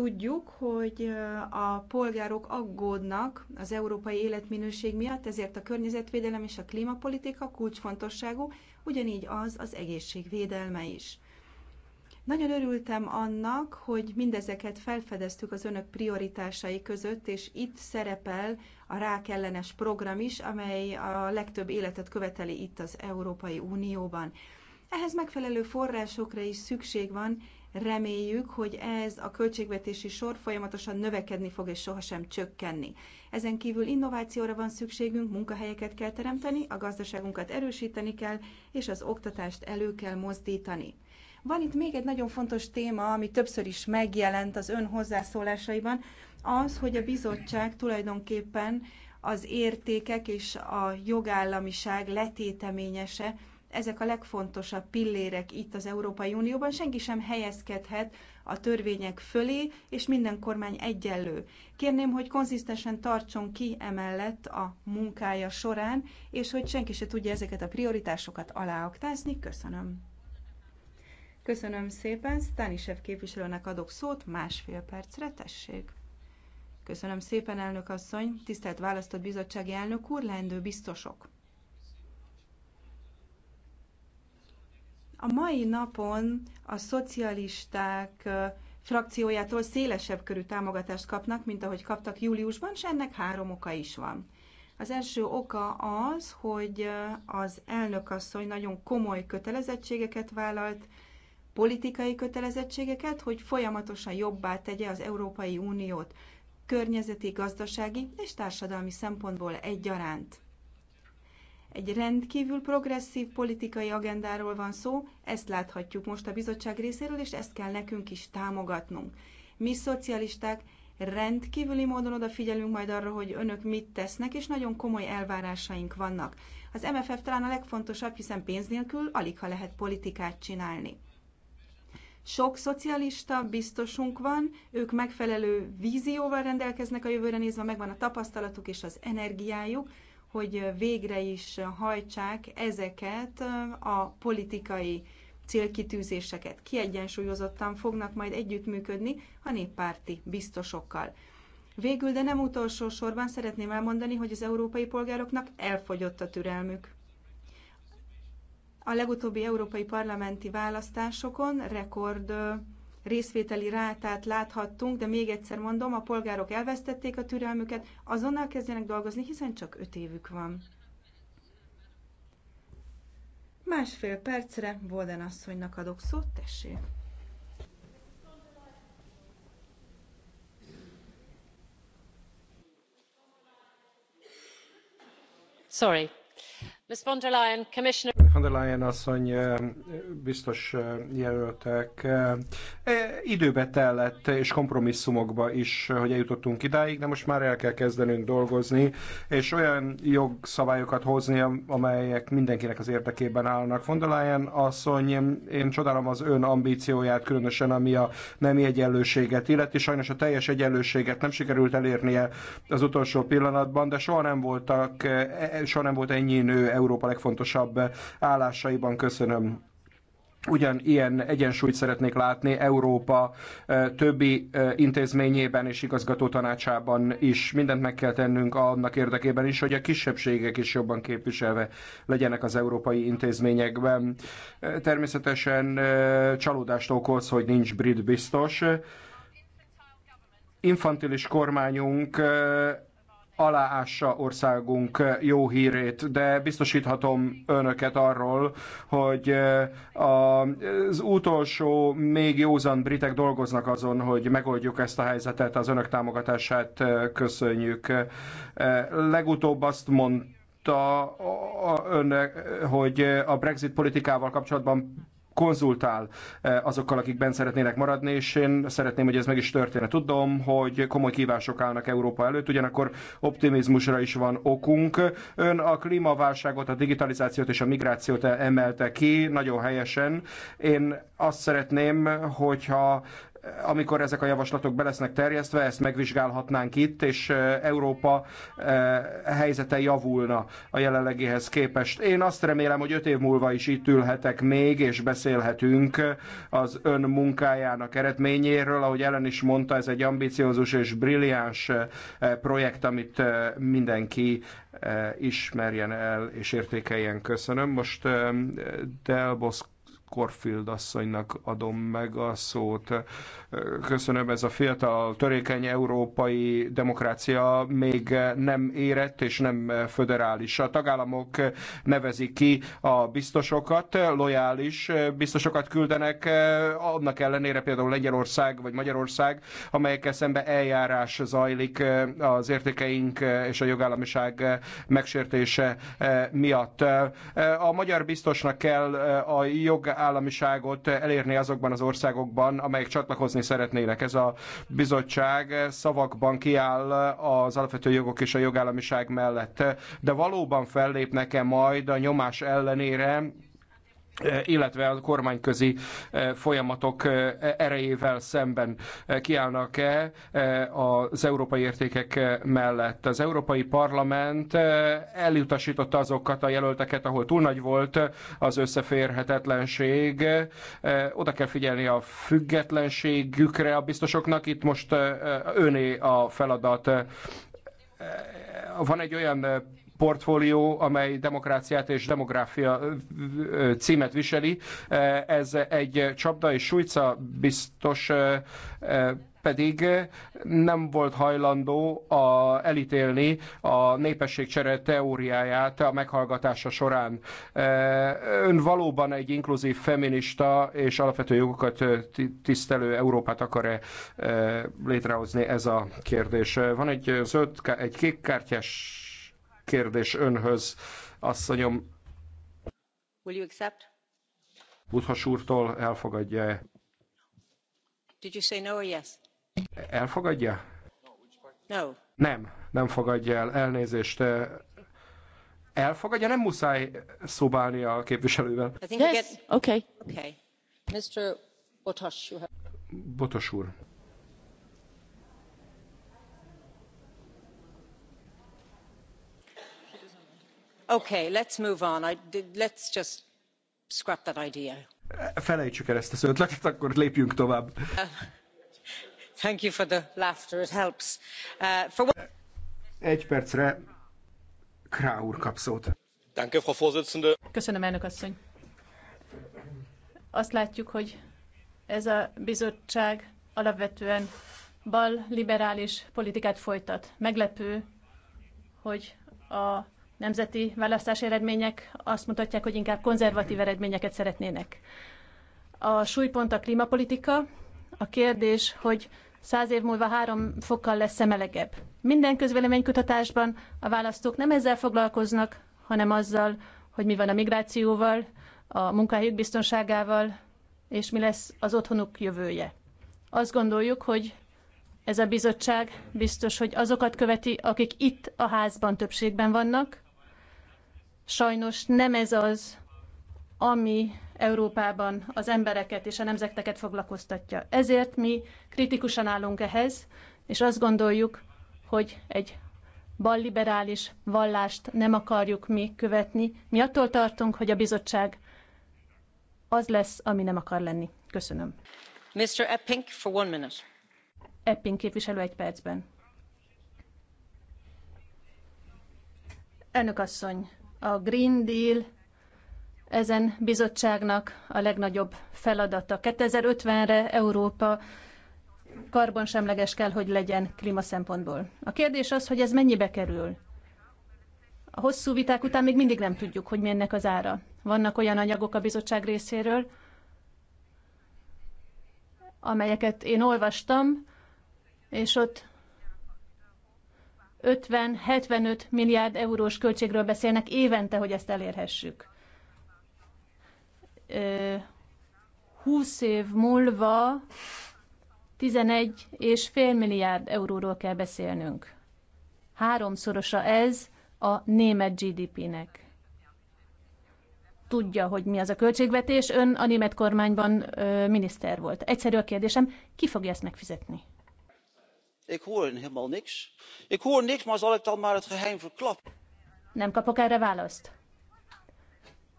Tudjuk, hogy a polgárok aggódnak az európai életminőség miatt, ezért a környezetvédelem és a klímapolitika kulcsfontosságú, ugyanígy az az egészségvédelme is. Nagyon örültem annak, hogy mindezeket felfedeztük az önök prioritásai között, és itt szerepel a ellenes program is, amely a legtöbb életet követeli itt az Európai Unióban. Ehhez megfelelő forrásokra is szükség van, Reméljük, hogy ez a költségvetési sor folyamatosan növekedni fog és sohasem csökkenni. Ezen kívül innovációra van szükségünk, munkahelyeket kell teremteni, a gazdaságunkat erősíteni kell, és az oktatást elő kell mozdítani. Van itt még egy nagyon fontos téma, ami többször is megjelent az ön hozzászólásaiban, az, hogy a bizottság tulajdonképpen az értékek és a jogállamiság letéteményese ezek a legfontosabb pillérek itt az Európai Unióban, senki sem helyezkedhet a törvények fölé, és minden kormány egyenlő. Kérném, hogy konzisztensen tartson ki emellett a munkája során, és hogy senki se tudja ezeket a prioritásokat aláaktázni. Köszönöm. Köszönöm szépen. Stanisev képviselőnek adok szót, másfél percre tessék. Köszönöm szépen, elnök asszony, tisztelt választott bizottsági elnök úr, leendő biztosok. A mai napon a szocialisták frakciójától szélesebb körű támogatást kapnak, mint ahogy kaptak júliusban, és ennek három oka is van. Az első oka az, hogy az elnök asszony nagyon komoly kötelezettségeket vállalt, politikai kötelezettségeket, hogy folyamatosan jobbá tegye az Európai Uniót környezeti, gazdasági és társadalmi szempontból egyaránt. Egy rendkívül progresszív politikai agendáról van szó, ezt láthatjuk most a bizottság részéről, és ezt kell nekünk is támogatnunk. Mi szocialisták rendkívüli módon odafigyelünk majd arra, hogy önök mit tesznek, és nagyon komoly elvárásaink vannak. Az MFF talán a legfontosabb, hiszen pénz nélkül alig ha lehet politikát csinálni. Sok szocialista biztosunk van, ők megfelelő vízióval rendelkeznek a jövőre nézve, megvan a tapasztalatuk és az energiájuk, hogy végre is hajtsák ezeket a politikai célkitűzéseket. Kiegyensúlyozottan fognak majd együttműködni a néppárti biztosokkal. Végül, de nem utolsó sorban szeretném elmondani, hogy az európai polgároknak elfogyott a türelmük. A legutóbbi európai parlamenti választásokon rekord részvételi rátát láthattunk, de még egyszer mondom, a polgárok elvesztették a türelmüket, azonnal kezdjenek dolgozni, hiszen csak öt évük van. Másfél percre Bolden asszonynak adok szót, tessék.
Sorry.
Ms. von der Leyen, Commissioner
von der Leyen asszony biztos jelöltek. Időbe tellett, és kompromisszumokba is, hogy eljutottunk idáig, de most már el kell kezdenünk dolgozni, és olyan jogszabályokat hozni, amelyek mindenkinek az érdekében állnak. Von der Leyen asszony, én csodálom az ön ambícióját, különösen ami a nemi egyenlőséget illeti. Sajnos a teljes egyenlőséget nem sikerült elérnie az utolsó pillanatban, de soha nem voltak, e, e, soha nem volt ennyi nő Európa legfontosabb állásaiban. Köszönöm ugyan ilyen egyensúlyt szeretnék látni Európa többi intézményében és igazgató tanácsában is. Mindent meg kell tennünk annak érdekében is, hogy a kisebbségek is jobban képviselve legyenek az európai intézményekben. Természetesen csalódást okoz, hogy nincs brit biztos. Infantilis kormányunk aláássa országunk jó hírét, de biztosíthatom önöket arról, hogy az utolsó még józan britek dolgoznak azon, hogy megoldjuk ezt a helyzetet, az önök támogatását köszönjük. Legutóbb azt mondta önnek, hogy a Brexit politikával kapcsolatban konzultál eh, azokkal, akik bent szeretnének maradni, és én szeretném, hogy ez meg is történne. Tudom, hogy komoly kívások állnak Európa előtt, ugyanakkor optimizmusra is van okunk. Ön a klímaválságot, a digitalizációt és a migrációt emelte ki, nagyon helyesen. Én azt szeretném, hogyha amikor ezek a javaslatok be lesznek terjesztve, ezt megvizsgálhatnánk itt, és Európa helyzete javulna a jelenlegihez képest. Én azt remélem, hogy öt év múlva is itt ülhetek még, és beszélhetünk az ön munkájának eredményéről. Ahogy Ellen is mondta, ez egy ambiciózus és brilliáns projekt, amit mindenki ismerjen el és értékeljen. Köszönöm. Most Delbos Corfield asszonynak adom meg a szót. Köszönöm, ez a fiatal, törékeny európai demokrácia még nem érett és nem föderális. A tagállamok nevezik ki a biztosokat, lojális biztosokat küldenek, annak ellenére például Lengyelország vagy Magyarország, amelyekkel szemben eljárás zajlik az értékeink és a jogállamiság megsértése miatt. A magyar biztosnak kell a jogállamiságot elérni azokban az országokban, amelyek csatlakozni tisztázni szeretnének. Ez a bizottság szavakban kiáll az alapvető jogok és a jogállamiság mellett, de valóban fellépnek-e majd a nyomás ellenére, Eh, illetve a kormányközi eh, folyamatok eh, e-, erejével szemben kiállnak-e az európai értékek mellett. Az Európai Parlament elutasította azokat a jelölteket, ahol túl nagy volt az összeférhetetlenség. Oda kell figyelni a függetlenségükre a biztosoknak. Itt most öné a feladat van egy olyan portfólió, amely demokráciát és demográfia címet viseli. Ez egy csapda, és Sújca biztos pedig nem volt hajlandó a, elítélni a népességcsere teóriáját a meghallgatása során. Ön valóban egy inkluzív feminista és alapvető jogokat tisztelő Európát akar-e létrehozni? Ez a kérdés. Van egy zöld, egy kártyás kérdés önhöz, asszonyom.
Will you accept?
Buthas úrtól elfogadja -e?
Did you say no or yes?
Elfogadja? No. Nem, nem fogadja el. Elnézést. Eh, elfogadja, nem muszáj szobálni a képviselővel. Yes,
okay. Okay. Mr. Botos, you have... Botos úr. let's move on. let's just scrap that idea.
Felejtsük el ezt az ötletet, akkor lépjünk tovább.
Uh, thank you for the laughter, it helps. Uh,
Egy percre Krá úr kap szót.
Köszönöm, elnök asszony. Azt látjuk, hogy ez a bizottság alapvetően bal liberális politikát folytat. Meglepő, hogy a nemzeti választási eredmények azt mutatják, hogy inkább konzervatív eredményeket szeretnének. A súlypont a klímapolitika. A kérdés, hogy száz év múlva három fokkal lesz-e melegebb. Minden közvéleménykutatásban a választók nem ezzel foglalkoznak, hanem azzal, hogy mi van a migrációval, a munkahelyük biztonságával, és mi lesz az otthonuk jövője. Azt gondoljuk, hogy ez a bizottság biztos, hogy azokat követi, akik itt a házban többségben vannak, Sajnos nem ez az, ami Európában az embereket és a nemzeteket foglalkoztatja. Ezért mi kritikusan állunk ehhez, és azt gondoljuk, hogy egy balliberális vallást nem akarjuk mi követni. Mi attól tartunk, hogy a bizottság az lesz, ami nem akar lenni. Köszönöm. Mr. Epping, for one minute. Epping képviselő egy percben. Elnök asszony, a Green Deal ezen bizottságnak a legnagyobb feladata. 2050-re Európa karbonsemleges kell, hogy legyen klíma szempontból. A kérdés az, hogy ez mennyibe kerül. A hosszú viták után még mindig nem tudjuk, hogy mi ennek az ára. Vannak olyan anyagok a bizottság részéről, amelyeket én olvastam, és ott 50-75 milliárd eurós költségről beszélnek évente, hogy ezt elérhessük. 20 év múlva 11,5 és fél milliárd euróról kell beszélnünk. Háromszorosa ez a német GDP-nek. Tudja, hogy mi az a költségvetés, ön a német kormányban ö, miniszter volt. Egyszerű a kérdésem, ki fogja ezt megfizetni? Ik hoor helemaal niks. Ik hoor niks, maar zal ik dan maar het geheim verklappen? Nem kapok erre választ.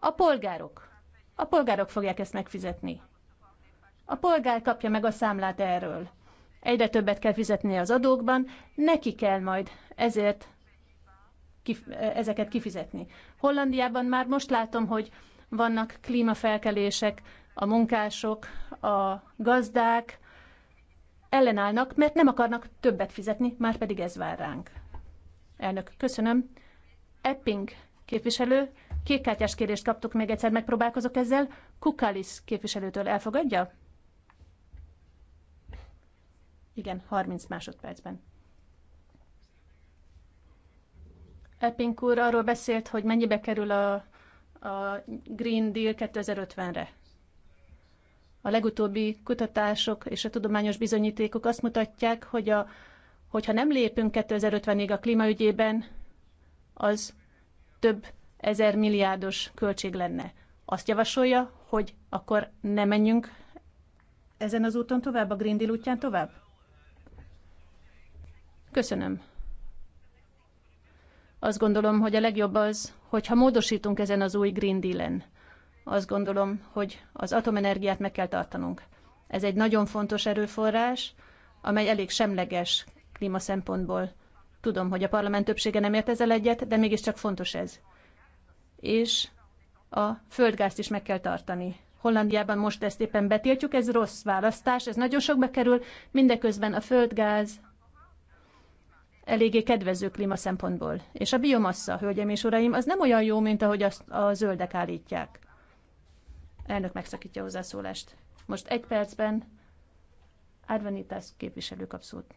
A polgárok. A polgárok fogják ezt megfizetni. A polgár kapja meg a számlát erről. Egyre többet kell fizetni az adókban, neki kell majd ezért kif- ezeket kifizetni. Hollandiában már most látom, hogy vannak klímafelkelések, a munkások, a gazdák, ellenállnak, mert nem akarnak többet fizetni, már pedig ez vár ránk. Elnök, köszönöm. Epping képviselő, kékkártyás kérést kaptuk, még egyszer megpróbálkozok ezzel. Kukalis képviselőtől elfogadja? Igen, 30 másodpercben. Epping úr arról beszélt, hogy mennyibe kerül a, a Green Deal 2050-re. A legutóbbi kutatások és a tudományos bizonyítékok azt mutatják, hogy a, hogyha nem lépünk 2050-ig a klímaügyében, az több ezer milliárdos költség lenne. Azt javasolja, hogy akkor ne menjünk ezen az úton tovább, a Green Deal útján tovább? Köszönöm. Azt gondolom, hogy a legjobb az, hogyha módosítunk ezen az új Green Deal-en azt gondolom, hogy az atomenergiát meg kell tartanunk. Ez egy nagyon fontos erőforrás, amely elég semleges klíma szempontból. Tudom, hogy a parlament többsége nem ért ezzel egyet, de mégiscsak fontos ez. És a földgázt is meg kell tartani. Hollandiában most ezt éppen betiltjuk, ez rossz választás, ez nagyon sokba kerül, mindeközben a földgáz eléggé kedvező klíma szempontból. És a biomassa, hölgyeim és uraim, az nem olyan jó, mint ahogy azt a zöldek állítják. Elnök megszakítja hozzászólást. Most egy percben Advanitas képviselő
kap szót.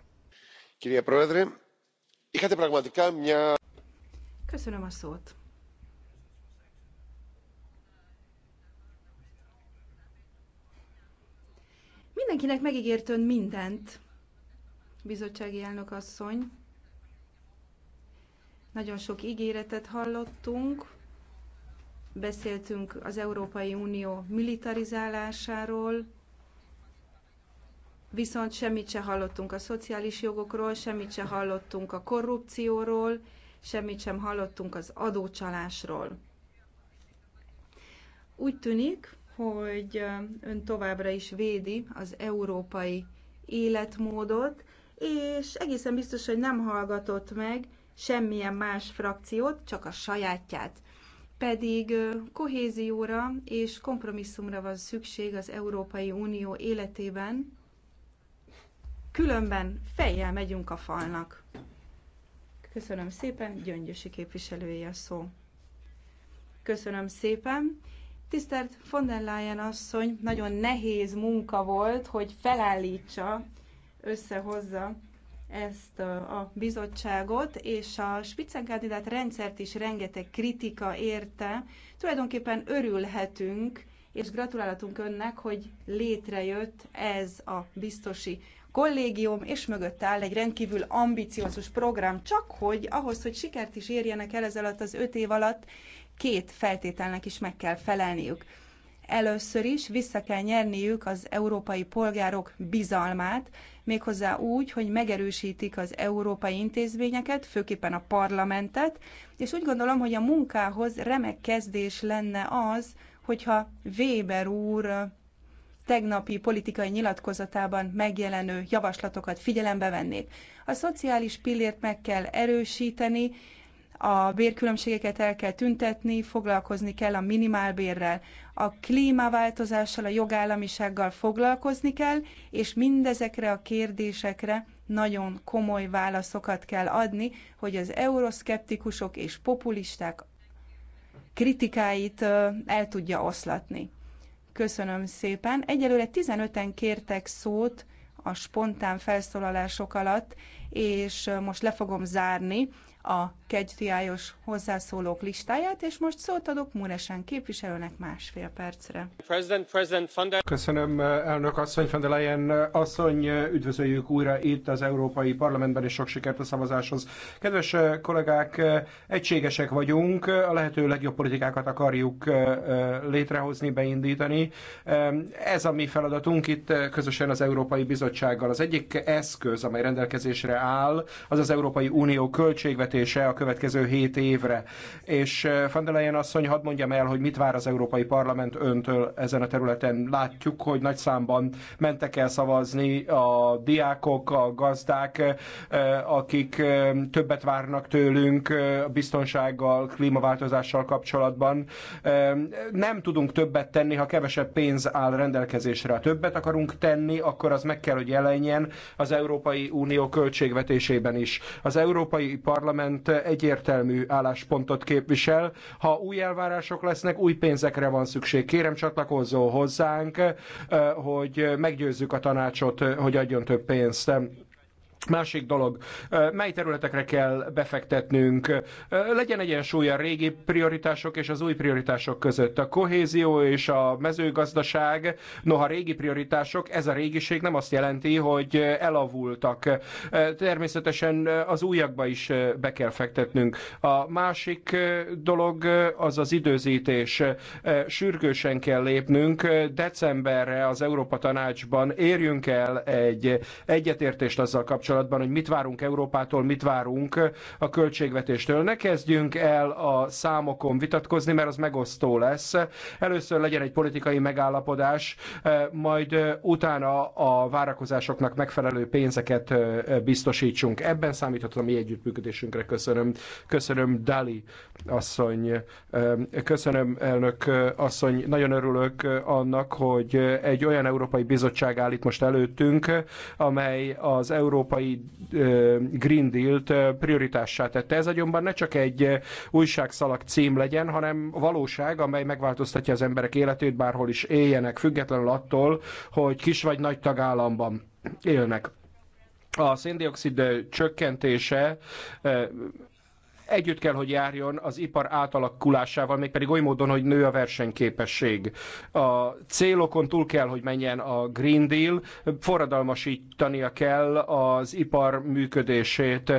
Köszönöm a szót. Mindenkinek megígért ön mindent, bizottsági elnök asszony. Nagyon sok ígéretet hallottunk, beszéltünk az Európai Unió militarizálásáról, viszont semmit se hallottunk a szociális jogokról, semmit se hallottunk a korrupcióról, semmit sem hallottunk az adócsalásról. Úgy tűnik, hogy ön továbbra is védi az európai életmódot, és egészen biztos, hogy nem hallgatott meg semmilyen más frakciót, csak a sajátját pedig kohézióra és kompromisszumra van szükség az Európai Unió életében, különben fejjel megyünk a falnak. Köszönöm szépen, Gyöngyösi képviselője a szó. Köszönöm szépen. Tisztelt von der Leyen asszony, nagyon nehéz munka volt, hogy felállítsa, összehozza ezt a bizottságot, és a Spitzenkandidát rendszert is rengeteg kritika érte. Tulajdonképpen örülhetünk, és gratulálhatunk önnek, hogy létrejött ez a biztosi kollégium, és mögött áll egy rendkívül ambiciózus program, csak hogy ahhoz, hogy sikert is érjenek el ez alatt az öt év alatt, két feltételnek is meg kell felelniük. Először is vissza kell nyerniük az európai polgárok bizalmát, méghozzá úgy, hogy megerősítik az európai intézményeket, főképpen a parlamentet, és úgy gondolom, hogy a munkához remek kezdés lenne az, hogyha Weber úr tegnapi politikai nyilatkozatában megjelenő javaslatokat figyelembe vennék. A szociális pillért meg kell erősíteni, a bérkülönbségeket el kell tüntetni, foglalkozni kell a minimálbérrel, a klímaváltozással, a jogállamisággal foglalkozni kell, és mindezekre a kérdésekre nagyon komoly válaszokat kell adni, hogy az euroszkeptikusok és populisták kritikáit el tudja oszlatni. Köszönöm szépen. Egyelőre 15-en kértek szót a spontán felszólalások alatt, és most le fogom zárni a kegytiályos hozzászólók listáját, és most szót adok Múresen képviselőnek másfél percre.
President, President der... Köszönöm, elnök asszony, von der Leyen asszony, üdvözöljük újra itt az Európai Parlamentben, és sok sikert a szavazáshoz. Kedves kollégák, egységesek vagyunk, a lehető legjobb politikákat akarjuk eh, eh, létrehozni, beindítani. Eh, ez a mi feladatunk itt közösen az Európai Bizottsággal. Az egyik eszköz, amely rendelkezésre áll, az az Európai Unió költségvetés költségvetése a következő 7 évre. És eh, van der Leyen asszony, hadd mondjam el, hogy mit vár az Európai Parlament öntől ezen a területen. Látjuk, hogy nagy számban mentek el szavazni a diákok, a gazdák, eh, akik eh, többet várnak tőlünk a biztonsággal, klímaváltozással kapcsolatban. Nem tudunk többet tenni, ha kevesebb pénz áll rendelkezésre. Ha többet akarunk tenni, akkor az meg kell, hogy jelenjen az Európai Unió költségvetésében is. Az Európai Parlament parlament egyértelmű álláspontot képvisel. Ha új elvárások lesznek, új pénzekre van szükség. Kérem csatlakozzon hozzánk, eh, hogy meggyőzzük a tanácsot, eh, hogy adjon több pénzt. Másik dolog, mely területekre kell befektetnünk? Legyen egyensúly a régi prioritások és az új prioritások között. A kohézió és a mezőgazdaság, noha régi prioritások, ez a régiség nem azt jelenti, hogy elavultak. Természetesen az újakba is be kell fektetnünk. A másik dolog az az időzítés. Sürgősen kell lépnünk. Decemberre az Európa Tanácsban érjünk el egy egyetértést azzal kapcsolatban, kapcsolatban, hogy mit várunk Európától, mit várunk a költségvetéstől. Ne kezdjünk el a számokon vitatkozni, mert az megosztó lesz. Először legyen egy politikai megállapodás, eh, majd eh, utána a várakozásoknak megfelelő pénzeket eh, biztosítsunk. Ebben számíthatom a mi együttműködésünkre. Köszönöm. Köszönöm, Dali asszony. Köszönöm, elnök asszony. Nagyon örülök annak, hogy egy olyan Európai Bizottság állít most előttünk, amely az európai európai Green Deal-t prioritássá tette. Ez agyonban ne csak egy újságszalag cím legyen, hanem valóság, amely megváltoztatja az emberek életét, bárhol is éljenek, függetlenül attól, hogy kis vagy nagy tagállamban élnek. A széndiokszid csökkentése együtt kell, hogy járjon az ipar átalakulásával, mégpedig oly módon, hogy nő a versenyképesség. A célokon túl kell, hogy menjen a Green Deal, forradalmasítania kell az ipar működését,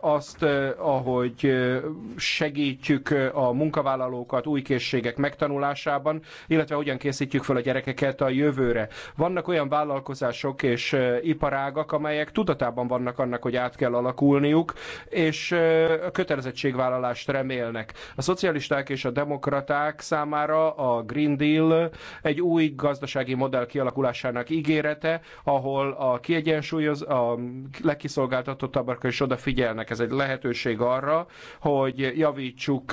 azt, eh, ahogy eh, segítjük eh, a munkavállalókat új készségek megtanulásában, illetve hogyan készítjük fel a gyerekeket a jövőre. Vannak olyan vállalkozások és iparágak, amelyek tudatában vannak annak, hogy át kell alakulniuk, és a kötelezettségvállalást remélnek. A szocialisták és a demokraták számára a Green Deal egy új gazdasági modell kialakulásának ígérete, ahol a kiegyensúlyoz, a legkiszolgáltatottabbakra is odafigyelnek. Ez egy lehetőség arra, hogy javítsuk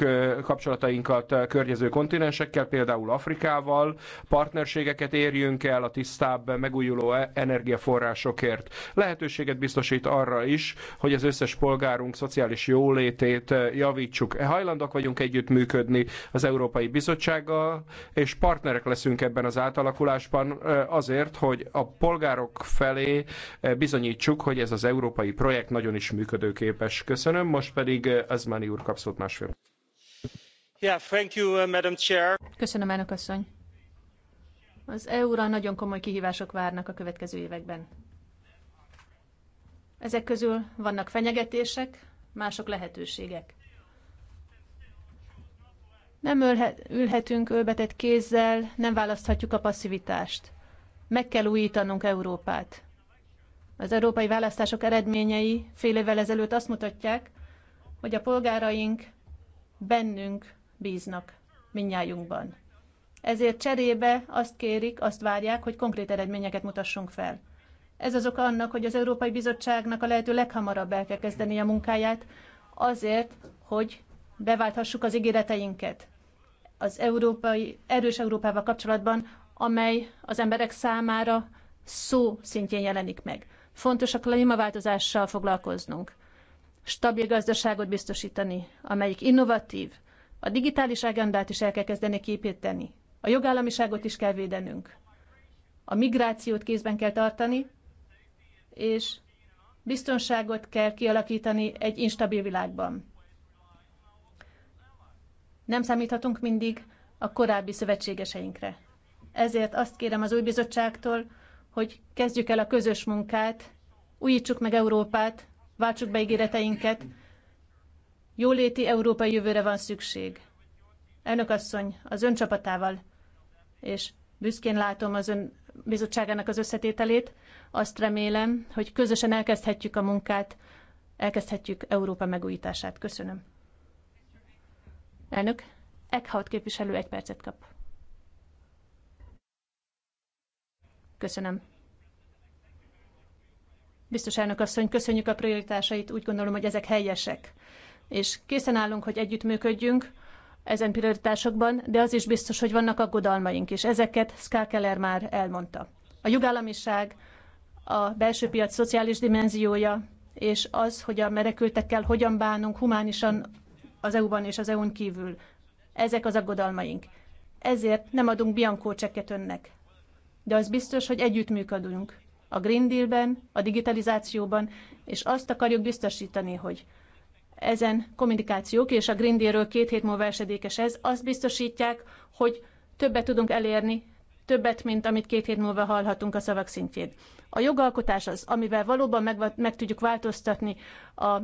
kapcsolatainkat környező kontinensekkel, például Afrikával, partnerségeket érjünk el a tisztább megújuló e- energiaforrásokért. Lehetőséget biztosít arra is, hogy az összes polgárunk szociális jólétét rendszerét eh, javítsuk. Hajlandók vagyunk együttműködni az Európai Bizottsággal, és partnerek leszünk ebben az átalakulásban eh, azért, hogy a polgárok felé eh, bizonyítsuk, hogy ez az európai projekt nagyon is működőképes. Köszönöm, most pedig Azmáni úr kap szót másfél. Yeah, thank you, uh, Madam Chair.
Köszönöm, elnök asszony. Az EU-ra nagyon komoly kihívások várnak a következő években. Ezek közül vannak fenyegetések, mások lehetőségek. Nem ülhetünk ölbetett kézzel, nem választhatjuk a passzivitást. Meg kell újítanunk Európát. Az európai választások eredményei fél évvel ezelőtt azt mutatják, hogy a polgáraink bennünk bíznak, minnyájunkban. Ezért cserébe azt kérik, azt várják, hogy konkrét eredményeket mutassunk fel. Ez az oka annak, hogy az Európai Bizottságnak a lehető leghamarabb el kell kezdeni a munkáját, azért, hogy beválthassuk az ígéreteinket az európai, erős Európával kapcsolatban, amely az emberek számára szó szintjén jelenik meg. Fontos a klímaváltozással foglalkoznunk, stabil gazdaságot biztosítani, amelyik innovatív, a digitális agendát is el kell kezdeni képíteni, a jogállamiságot is kell védenünk, a migrációt kézben kell tartani, és biztonságot kell kialakítani egy instabil világban. Nem számíthatunk mindig a korábbi szövetségeseinkre. Ezért azt kérem az új bizottságtól, hogy kezdjük el a közös munkát, újítsuk meg Európát, váltsuk be ígéreteinket, jóléti európai jövőre van szükség. Elnök asszony, az ön csapatával, és büszkén látom az ön bizottságának az összetételét, azt remélem, hogy közösen elkezdhetjük a munkát, elkezdhetjük Európa megújítását. Köszönöm. Elnök, Eckhout képviselő egy percet kap. Köszönöm. Biztos elnök asszony, köszönjük a prioritásait, úgy gondolom, hogy ezek helyesek. És készen állunk, hogy együttműködjünk ezen prioritásokban, de az is biztos, hogy vannak aggodalmaink, is. ezeket Ská Keller már elmondta. A jogállamiság, a belső piac szociális dimenziója, és az, hogy a menekültekkel hogyan bánunk humánisan az EU-ban és az EU-n kívül. Ezek az aggodalmaink. Ezért nem adunk biankó csekket önnek. De az biztos, hogy együttműködünk. A Green Deal-ben, a digitalizációban, és azt akarjuk biztosítani, hogy ezen kommunikációk, és a Green Deal-ről két hét múlva esedékes ez, azt biztosítják, hogy többet tudunk elérni többet, mint amit két hét múlva hallhatunk a szavak szintjén. A jogalkotás az, amivel valóban meg, meg tudjuk változtatni a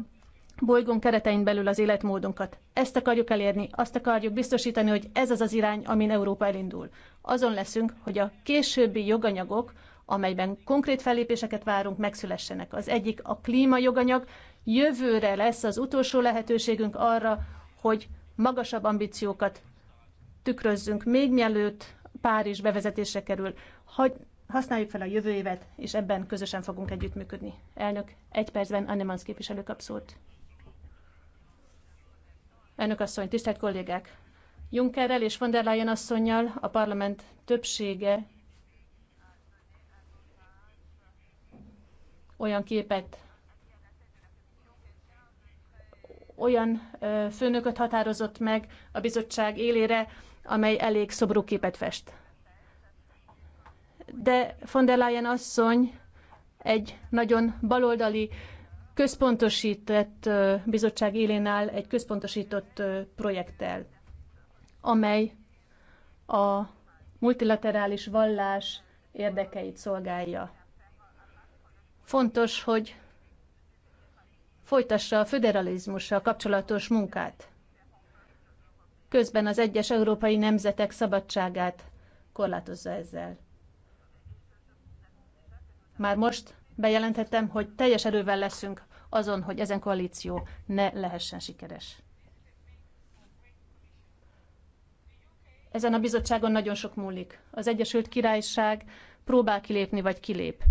bolygón keretein belül az életmódunkat. Ezt akarjuk elérni, azt akarjuk biztosítani, hogy ez az az irány, amin Európa elindul. Azon leszünk, hogy a későbbi joganyagok, amelyben konkrét fellépéseket várunk, megszülessenek. Az egyik a klíma joganyag, jövőre lesz az utolsó lehetőségünk arra, hogy magasabb ambíciókat tükrözzünk, még mielőtt Párizs bevezetésre kerül. hogy használjuk fel a jövő évet, és ebben közösen fogunk együttműködni. Elnök, egy percben Annemans képviselő kap szót. Elnök asszony, tisztelt kollégák! Junckerrel és von der Leyen asszonynal a parlament többsége olyan képet, olyan főnököt határozott meg a bizottság élére, amely elég szobró képet fest. De von der Leyen asszony egy nagyon baloldali, központosított bizottság élén áll egy központosított projekttel, amely a multilaterális vallás érdekeit szolgálja. Fontos, hogy folytassa a föderalizmussal kapcsolatos munkát közben az egyes európai nemzetek szabadságát korlátozza ezzel. Már most bejelentettem, hogy teljes erővel leszünk azon, hogy ezen koalíció ne lehessen sikeres. Ezen a bizottságon nagyon sok múlik. Az Egyesült Királyság próbál kilépni, vagy kilép.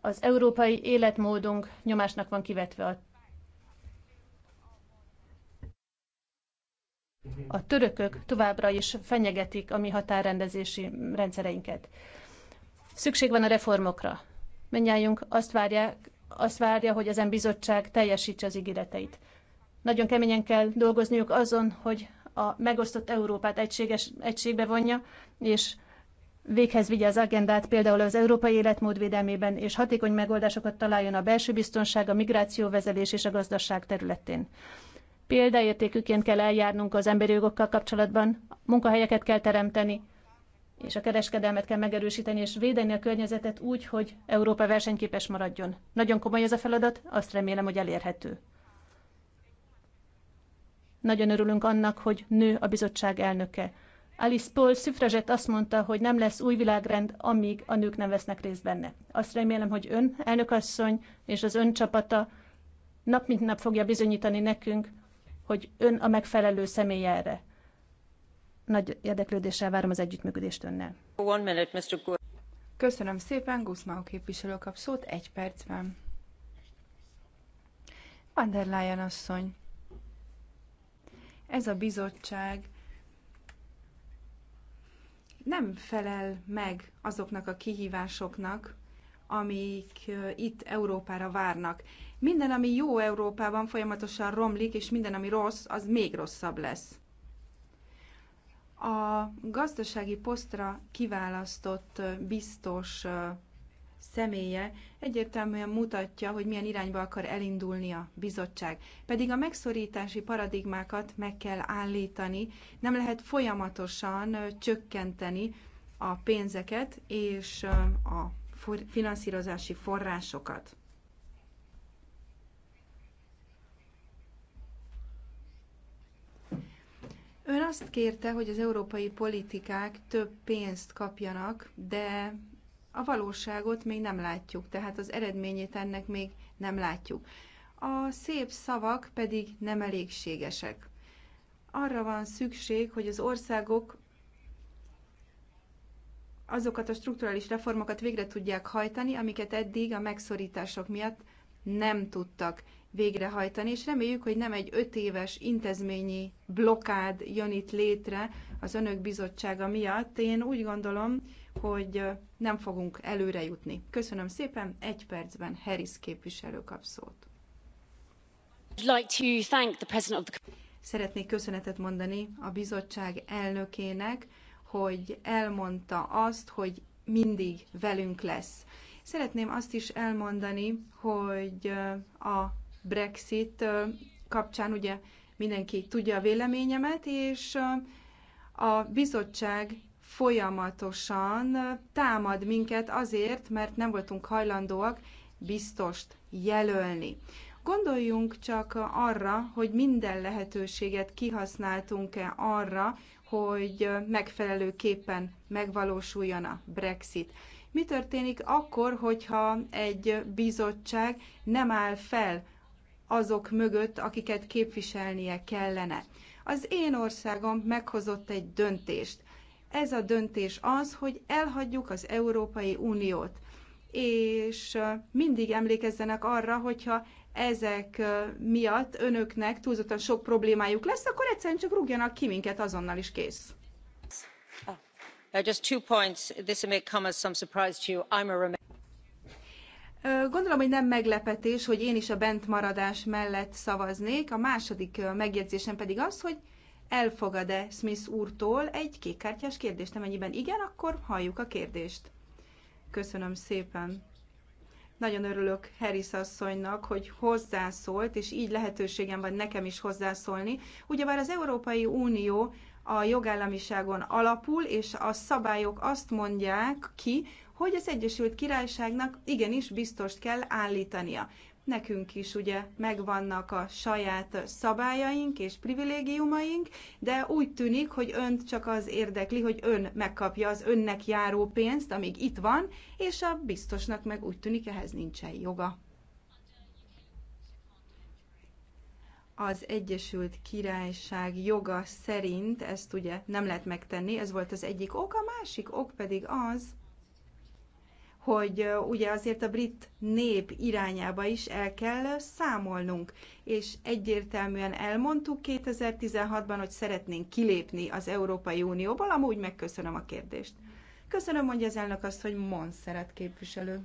Az európai életmódunk nyomásnak van kivetve. A a törökök továbbra is fenyegetik a mi határrendezési rendszereinket. Szükség van a reformokra. Mindjárt azt, várja, azt várja, hogy ezen bizottság teljesítse az ígéreteit. Nagyon keményen kell dolgozniuk azon, hogy a megosztott Európát egységes, egységbe vonja, és véghez vigye az agendát például az európai életmód védelmében, és hatékony megoldásokat találjon a belső biztonság, a migráció vezelés és a gazdaság területén. Példaértékűként kell eljárnunk az emberi jogokkal kapcsolatban, munkahelyeket kell teremteni, és a kereskedelmet kell megerősíteni, és védeni a környezetet úgy, hogy Európa versenyképes maradjon. Nagyon komoly ez a feladat, azt remélem, hogy elérhető. Nagyon örülünk annak, hogy nő a bizottság elnöke. Alice Paul szüfrezset azt mondta, hogy nem lesz új világrend, amíg a nők nem vesznek részt benne. Azt remélem, hogy ön, elnökasszony és az ön csapata nap mint nap fogja bizonyítani nekünk, hogy ön a megfelelő
személy erre. Nagy érdeklődéssel várom az együttműködést önnel. One minute, Mr. Köszönöm szépen, Guzmán képviselő kap szót egy percben. Van der Leyen asszony, ez a bizottság nem felel meg azoknak a kihívásoknak, amik itt Európára várnak. Minden, ami jó Európában folyamatosan romlik, és minden, ami rossz, az még rosszabb lesz. A gazdasági posztra kiválasztott biztos személye egyértelműen mutatja, hogy milyen irányba akar elindulni a bizottság. Pedig a megszorítási paradigmákat meg kell állítani, nem lehet folyamatosan csökkenteni a pénzeket és a finanszírozási forrásokat. Ön azt kérte, hogy az európai politikák több pénzt kapjanak, de a valóságot még nem látjuk, tehát az eredményét ennek még nem látjuk. A szép szavak pedig nem elégségesek. Arra van szükség, hogy az országok azokat a strukturális reformokat végre tudják hajtani, amiket eddig a megszorítások miatt nem tudtak végrehajtani, és reméljük, hogy nem egy öt éves intézményi blokád jön itt létre az önök bizottsága miatt. Én úgy gondolom, hogy nem fogunk előre jutni. Köszönöm szépen, egy percben Harris képviselő kap szót. Szeretnék köszönetet mondani a bizottság elnökének, hogy elmondta azt, hogy mindig velünk lesz. Szeretném azt is elmondani, hogy a Brexit kapcsán ugye mindenki tudja a véleményemet, és a bizottság folyamatosan támad minket azért, mert nem voltunk hajlandóak biztost jelölni. Gondoljunk csak arra, hogy minden lehetőséget kihasználtunk-e arra, hogy megfelelőképpen megvalósuljon a Brexit. Mi történik akkor, hogyha egy bizottság nem áll fel azok mögött, akiket képviselnie kellene. Az én országom meghozott egy döntést. Ez a döntés az, hogy elhagyjuk az Európai Uniót. És mindig emlékezzenek arra, hogyha ezek miatt önöknek túlzottan sok problémájuk lesz, akkor egyszerűen csak rúgjanak ki minket azonnal is kész. just two points. This may come as some surprise to you. I'm a Romanian. Gondolom, hogy nem meglepetés, hogy én is a bentmaradás mellett szavaznék. A második megjegyzésem pedig az, hogy elfogad-e Smith úrtól egy kékkártyás kérdést. Amennyiben igen, akkor halljuk a kérdést. Köszönöm szépen. Nagyon örülök Harris asszonynak, hogy hozzászólt, és így lehetőségem van nekem is hozzászólni. Ugyebár az Európai Unió a jogállamiságon alapul, és a szabályok azt mondják ki, hogy az Egyesült Királyságnak igenis biztost kell állítania. Nekünk is ugye megvannak a saját szabályaink és privilégiumaink, de úgy tűnik, hogy önt csak az érdekli, hogy ön megkapja az önnek járó pénzt, amíg itt van, és a biztosnak meg úgy tűnik, ehhez nincsen joga. az Egyesült Királyság joga szerint ezt ugye nem lehet megtenni, ez volt az egyik ok, a másik ok pedig az, hogy ugye azért a brit nép irányába is el kell számolnunk, és egyértelműen elmondtuk 2016-ban, hogy szeretnénk kilépni az Európai Unióból, amúgy megköszönöm a kérdést. Köszönöm, mondja az elnök azt, hogy Monszeret képviselő.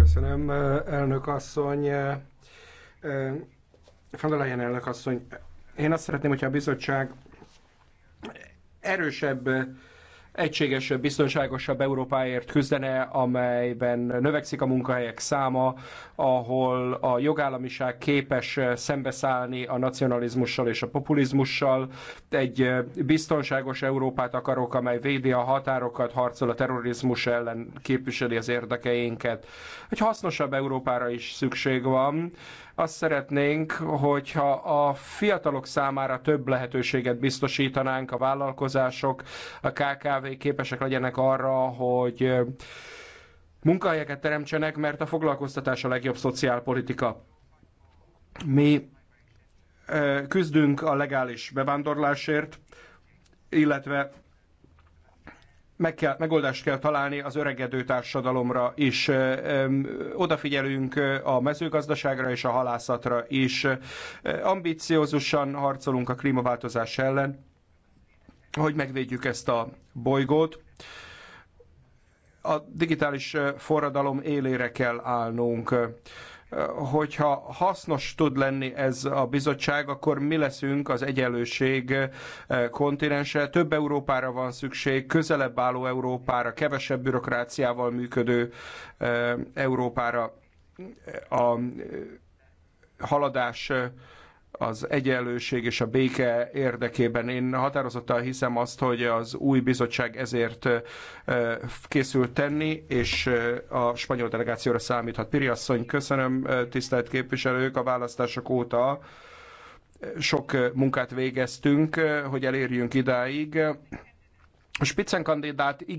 Köszönöm, elnök asszony. Van elnök asszony, én azt szeretném, hogyha a bizottság erősebb egységesebb, biztonságosabb Európáért küzdene, amelyben növekszik a munkahelyek száma, ahol a jogállamiság képes szembeszállni a nacionalizmussal és a populizmussal. Egy biztonságos Európát akarok, amely védi a határokat, harcol a terrorizmus ellen, képviseli az érdekeinket. Egy hasznosabb Európára is szükség van, azt szeretnénk, hogyha a fiatalok számára több lehetőséget biztosítanánk, a vállalkozások, a KKV képesek legyenek arra, hogy munkahelyeket teremtsenek, mert a foglalkoztatás a legjobb szociálpolitika. Mi küzdünk a legális bevándorlásért, illetve meg kell, megoldást kell találni az öregedő társadalomra is. Odafigyelünk a mezőgazdaságra és a halászatra is. Ambiciózusan harcolunk a klímaváltozás ellen, hogy megvédjük ezt a bolygót. A digitális forradalom élére kell állnunk hogyha hasznos tud lenni ez a bizottság, akkor mi leszünk az egyenlőség eh, kontinense. Több Európára van szükség, közelebb álló Európára, kevesebb bürokráciával működő eh, Európára. A haladás eh, az egyenlőség és a béke érdekében. Én határozottan hiszem azt, hogy az új bizottság ezért készült tenni, és a spanyol delegációra számíthat. Piri asszony, köszönöm, tisztelt képviselők, a választások óta sok munkát végeztünk, hogy elérjünk idáig. A Spitzenkandidát igen.